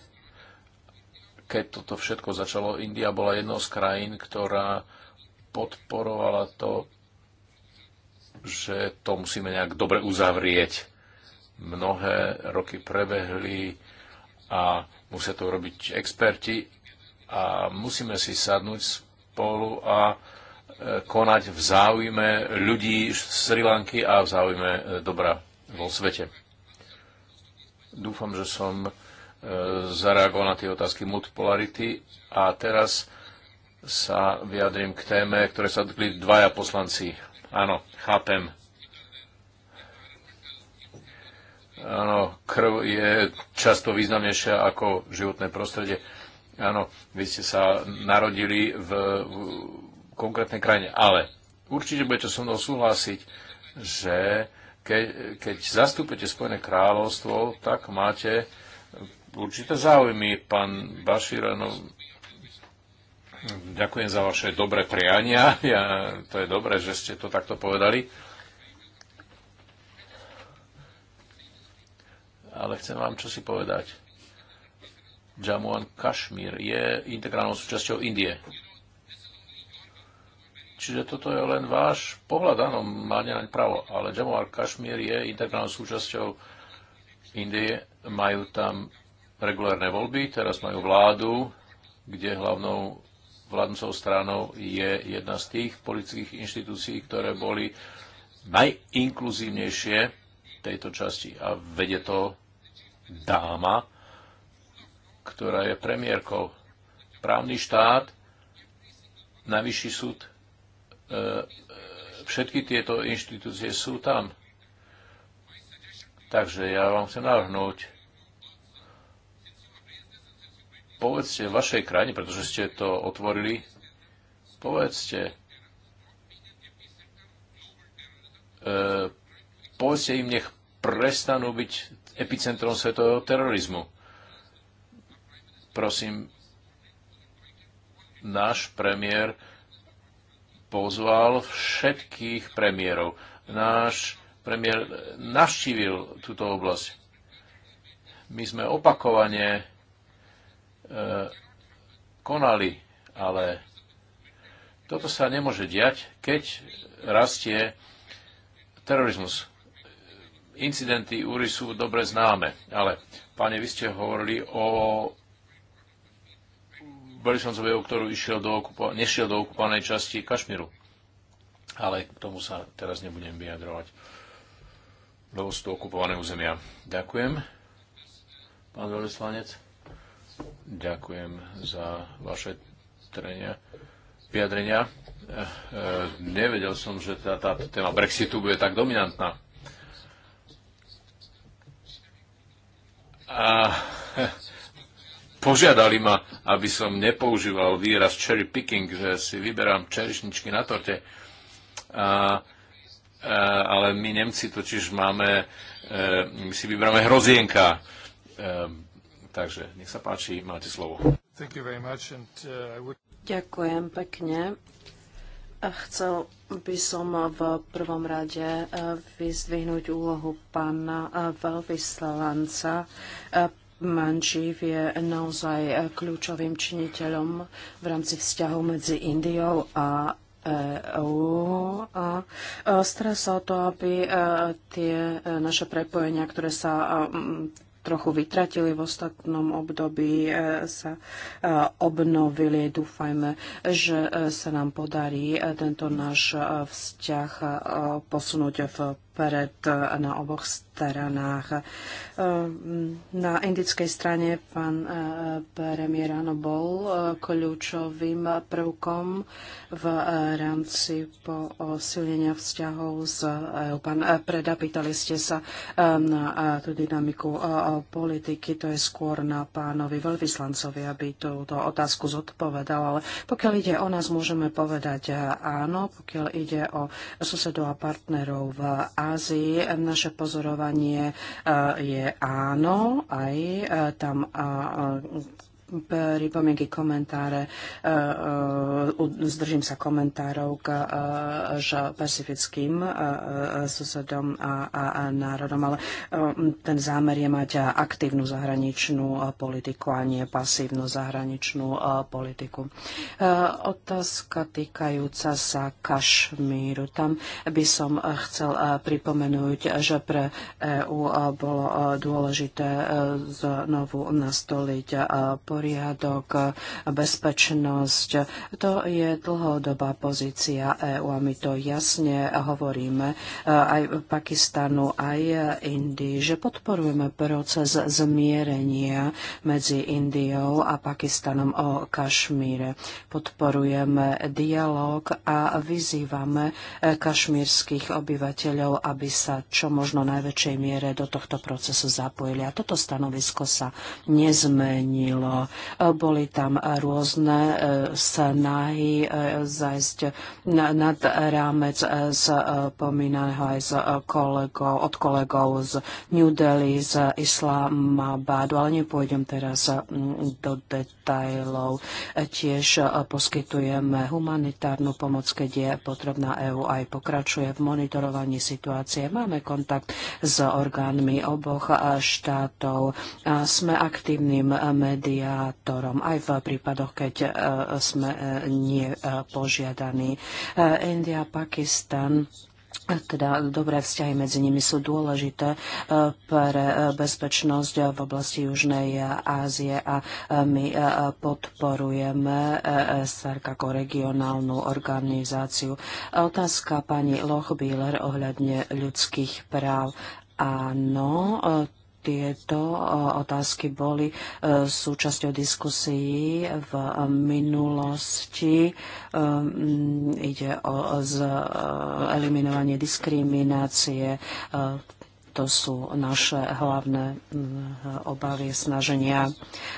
Keď toto všetko začalo, India bola jednou z krajín, ktorá podporovala to, že to musíme nejak dobre uzavrieť. Mnohé roky prebehli a musia to robiť experti a musíme si sadnúť spolu a konať v záujme ľudí z Sri Lanky a v záujme e, dobra vo svete. Dúfam, že som e, zareagoval na tie otázky multipolarity a teraz sa vyjadrím k téme, ktoré sa dotkli dvaja poslanci. Áno, chápem. Áno, krv je často významnejšia ako životné prostredie. Áno, vy ste sa narodili v, konkrétnej krajine. Ale určite budete so mnou súhlasiť, že ke, keď zastúpite Spojené kráľovstvo, tak máte určité záujmy. Pán Bašir, no, ďakujem za vaše dobré priania. Ja, to je dobré, že ste to takto povedali. Ale chcem vám čo si povedať. Jamuan Kashmir je integrálnou súčasťou Indie. Čiže toto je len váš pohľad, áno, má naň právo, ale Jammu a Kašmír je integrálnou súčasťou Indie, majú tam regulárne voľby, teraz majú vládu, kde hlavnou vládnúcou stranou je jedna z tých politických inštitúcií, ktoré boli najinkluzívnejšie tejto časti. A vedie to dáma, ktorá je premiérkou. Právny štát, najvyšší súd E, e, všetky tieto inštitúcie sú tam. Takže ja vám chcem navrhnúť, povedzte vašej krajine, pretože ste to otvorili, povedzte, e, povedzte im, nech prestanú byť epicentrom svetového terorizmu. Prosím, náš premiér pozval všetkých premiérov. Náš premiér navštívil túto oblasť. My sme opakovane e, konali, ale toto sa nemôže diať, keď rastie terorizmus. Incidenty úry sú dobre známe, ale pane, vy ste hovorili o Belišancov, ktorú išiel do okupo- nešiel do okupovanej časti Kašmíru. Ale k tomu sa teraz nebudem vyjadrovať, lebo sú to okupované územia. Ďakujem, pán veľvyslanec. Ďakujem za vaše trenia, vyjadrenia. E, nevedel som, že tá, táto téma Brexitu bude tak dominantná. A požiadali ma, aby som nepoužíval výraz cherry picking, že si vyberám čerešničky na torte. A, a, ale my Nemci totiž máme, e, my si vyberáme hrozienka. E, takže nech sa páči, máte slovo. Thank you very much and, uh, I would... Ďakujem pekne. Chcel by som v prvom rade e, vyzdvihnúť úlohu pána e, veľvyslanca e, Manžív je naozaj eh, kľúčovým činiteľom v rámci vzťahu medzi Indiou a eh, EU a eh, stará sa o to, aby tie naše prepojenia, ktoré sa trochu vytratili v ostatnom období, sa obnovili. Dúfajme, že sa nám podarí tento náš vzťah posunúť v pred eh, na oboch stranách. Eh, na indickej strane pán eh, premiér áno, bol kľúčovým prvkom v rámci posilnenia vzťahov s Pán Preda, pýtali ste sa na tú dynamiku politiky, to je skôr na pánovi veľvyslancovi, aby túto otázku zodpovedal, ale pokiaľ ide o nás, môžeme povedať áno, pokiaľ ide o susedov a partnerov v Ázii naše pozorovanie eh, je áno, aj eh, tam eh, pripomienky, komentáre. E, e, zdržím sa komentárov k e, persifickým susedom a národom, ale ten zámer je mať aktívnu zahraničnú politiku a nie pasívnu zahraničnú politiku. Otázka týkajúca sa Kašmíru. Tam by som chcel pripomenúť, že pre EU bolo dôležité znovu nastoliť po poriadok, bezpečnosť. To je dlhodobá pozícia EÚ a my to jasne hovoríme eh, aj Pakistanu, aj Indii, že podporujeme proces zmierenia medzi Indiou a Pakistanom o Kašmíre. Podporujeme dialog a vyzývame eh, kašmírskych obyvateľov, aby sa čo možno najväčšej miere do tohto procesu zapojili. A toto stanovisko sa nezmenilo. Boli tam rôzne e, snahy e, zajsť nad rámec z e, pomínaného aj z kolegov, od kolegov z New Delhi, z Islamabadu, ale nepôjdem teraz mm, do detaľov detailov. Tiež e, poskytujeme humanitárnu pomoc, keď je potrebná EÚ aj pokračuje v monitorovaní situácie. Máme kontakt s orgánmi oboch e, štátov. E, sme aktívnym mediátorom aj v prípadoch, keď sme nepožiadaní. India, Pakistan, teda dobré vzťahy medzi nimi sú dôležité eh, pre eh, bezpečnosť v oblasti Južnej Ázie a eh, my podporujeme SR ako regionálnu organizáciu. Otázka pani Lochbíler ohľadne ľudských práv. Áno, tieto otázky boli e, súčasťou diskusií v minulosti. E, mm, ide o e, eliminovanie diskriminácie. To sú naše hlavné obavy, snaženia.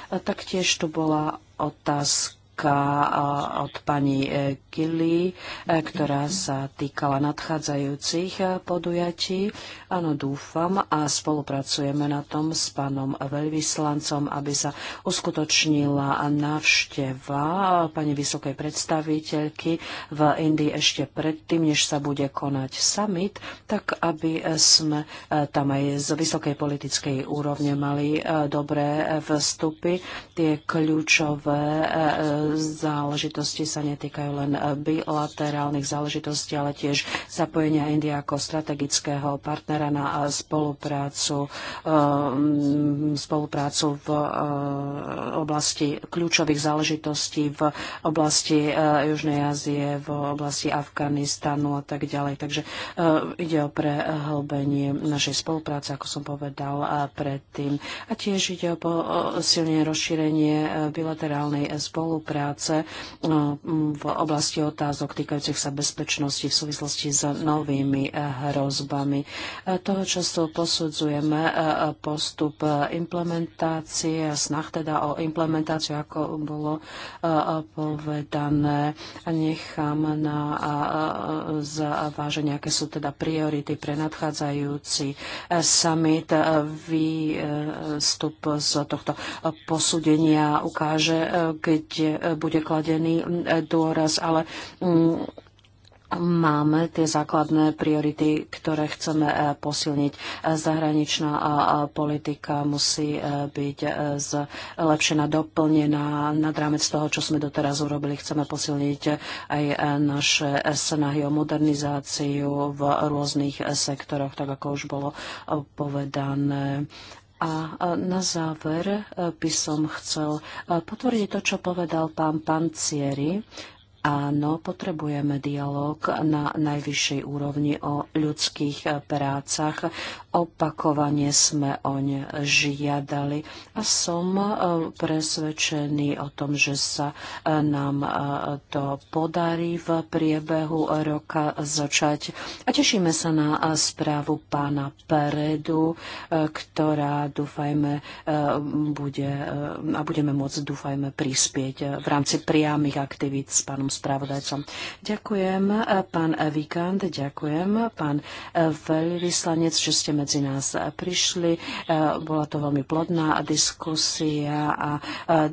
Taktiež tu bola otázka otázka od pani Gilly, e, e, ktorá sa týkala nadchádzajúcich e, podujatí. Áno, dúfam a spolupracujeme na tom s pánom veľvyslancom, aby sa uskutočnila návšteva pani vysokej predstaviteľky v Indii ešte predtým, než sa bude konať summit, tak aby sme tam aj z vysokej politickej úrovne mali dobré vstupy, tie kľúčové záležitosti sa netýkajú len bilaterálnych záležitostí, ale tiež zapojenia Indie ako strategického partnera na spoluprácu, ehm, spoluprácu v eh, oblasti kľúčových záležitostí v oblasti eh, Južnej Ázie, v oblasti Afganistanu a tak ďalej. Takže eh, ide o prehlbenie našej spolupráce, ako som povedal predtým. A tiež ide o silne rozšírenie bilaterálnej spolupráce spolupráce e, v oblasti otázok týkajúcich sa bezpečnosti v súvislosti s novými e, hrozbami. E, toho často posudzujeme postup implementácie, snah teda o implementáciu, ako bolo povedané. Nechám na zváženie, aké sú teda priority pre nadchádzajúci summit. Výstup z tohto posúdenia ukáže, kde bude kladený mm, dôraz, ale mm, máme tie základné priority, ktoré chceme e, posilniť. E, zahraničná politika musí e, byť zlepšená, doplnená nad rámec toho, čo sme doteraz urobili. Chceme posilniť aj naše snahy o modernizáciu v rôznych sektoroch, tak ako už bolo povedané. A na záver e, by som chcel e, potvrdiť to, čo povedal pán Pancieri. Áno, potrebujeme dialog na najvyššej úrovni o ľudských prácach. Opakovane sme oň žiadali a som e, presvedčený o tom, že sa e, nám e, to podarí v priebehu roka začať. A tešíme sa na správu pána Peredu, ktorá dúfajme bude a budeme môcť dúfajme prispieť v rámci priamých aktivít s pánom spravodajcom. Ďakujem, e, pán Vikant, ďakujem, pán e, veľvyslanec, že ste medzi nás prišli. E, bola to veľmi plodná diskusia a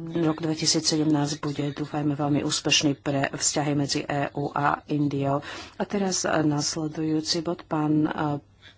rok 2017 bude, dúfajme, veľmi úspešný pre vzťahy medzi EÚ a Indiou. A teraz nasledujúci bod, pán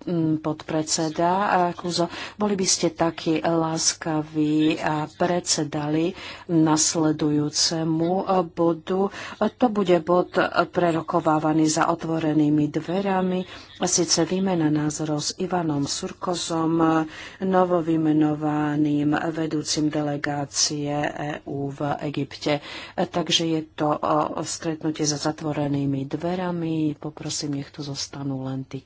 Mm, podpredseda Kuzo, boli by ste takí láskaví a predsedali nasledujúcemu e, bodu. E, to bude bod prerokovávaný za otvorenými dverami, Sice výmena názorov s Ivanom Surkozom, novovymenovaným vedúcim delegácie EU v Egypte. E, takže je to stretnutie za zatvorenými dverami. Poprosím, nech tu zostanú len tí,